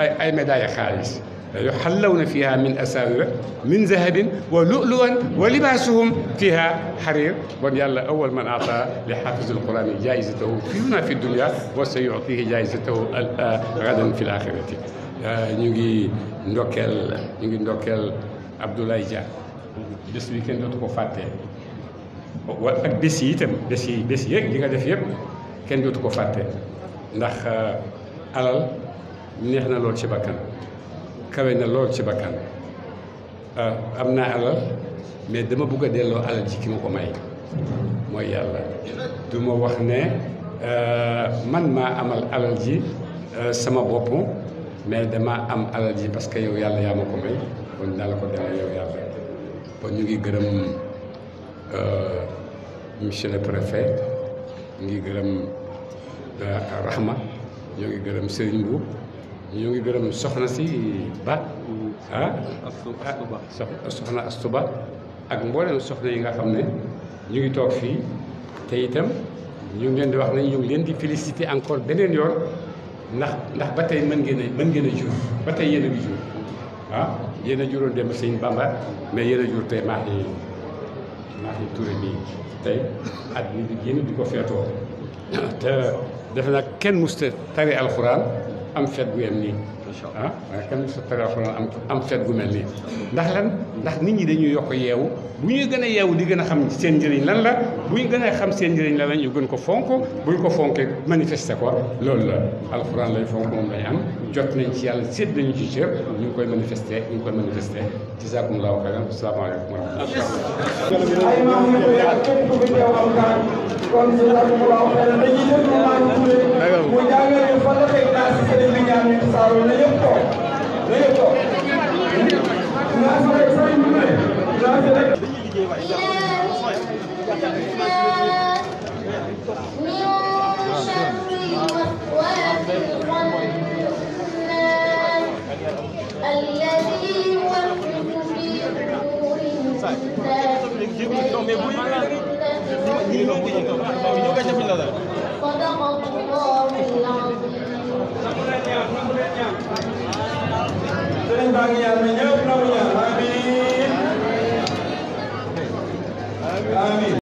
ay ay médailles xaalis يحلون فيها من أساور من ذهب ولؤلؤا ولباسهم فيها حرير وان يلا أول من أعطى لحافظ القرآن جائزته هنا في الدنيا وسيعطيه جائزته غدا في الآخرة نيجي ndokkeel ñu ngi ndokkeel Abdoulaye Dia bés bi kenn dootu ko fàtte wa ak bés yi itam bés yi bés yi li nga def yëpp kenn dootu ko fàtte ndax euh, alal neex na lool ci bakkan kawe na lool ci bakkan ah, am naa alal mais dama bugg a delloo alal ci ki ma ko may mooy yàlla du wax ne ah, man maa amal alal ji ah, sama bopp mais dama am alal ji parce que yow yàlla yaa ma ko may kon naa la ko delloo yow yàlla kon ñu ngi gërëm monsieur le préfet ngi gërëm Rahma ñoo ngi gërëm Serigne Mboup ñu ngi gërëm soxna si ba ah, ah soxna astuba ak mboolem soxna yi nga xam ne ñu ngi toog fii te itam ñu leen di wax ne ñu ngi leen di félicité encore beneen yoon ndax ndax ba tey mën ngeen mën ngeen a jur ba tey yéen a jur ah yéen a juróon dem sëñ Bamba mais yéen a jur tey Mahi Mahi Touré bi tey ak mi di génn di ko feetoo te defe naa kenn musta tari alxuraan am fet gu yem nii ah waaye kenn sa téléphone am am seet gu mel nii ndax lan ndax nit ñi dañuy yokk yeewu bu ñuy gën a yeewu di gën a xam seen njëriñ lan la bu ñu gën a xam seen njëriñ lan la ñu gën ko fonk bu ñu ko fonkee manifesté ko loolu la alxuraan lay fonk moom lañ am jot nañ ci yàlla sédd nañu ci cër ñu ngi koy manifesté ñu ngi koy manifesté jazaakumullaahu xayran asalaamaaleykum wa rahmatullaah ñëpp toog na ñëpp toog naa fa rek sëriñ bi ne naa fa rek صدق الله العظيم Amin.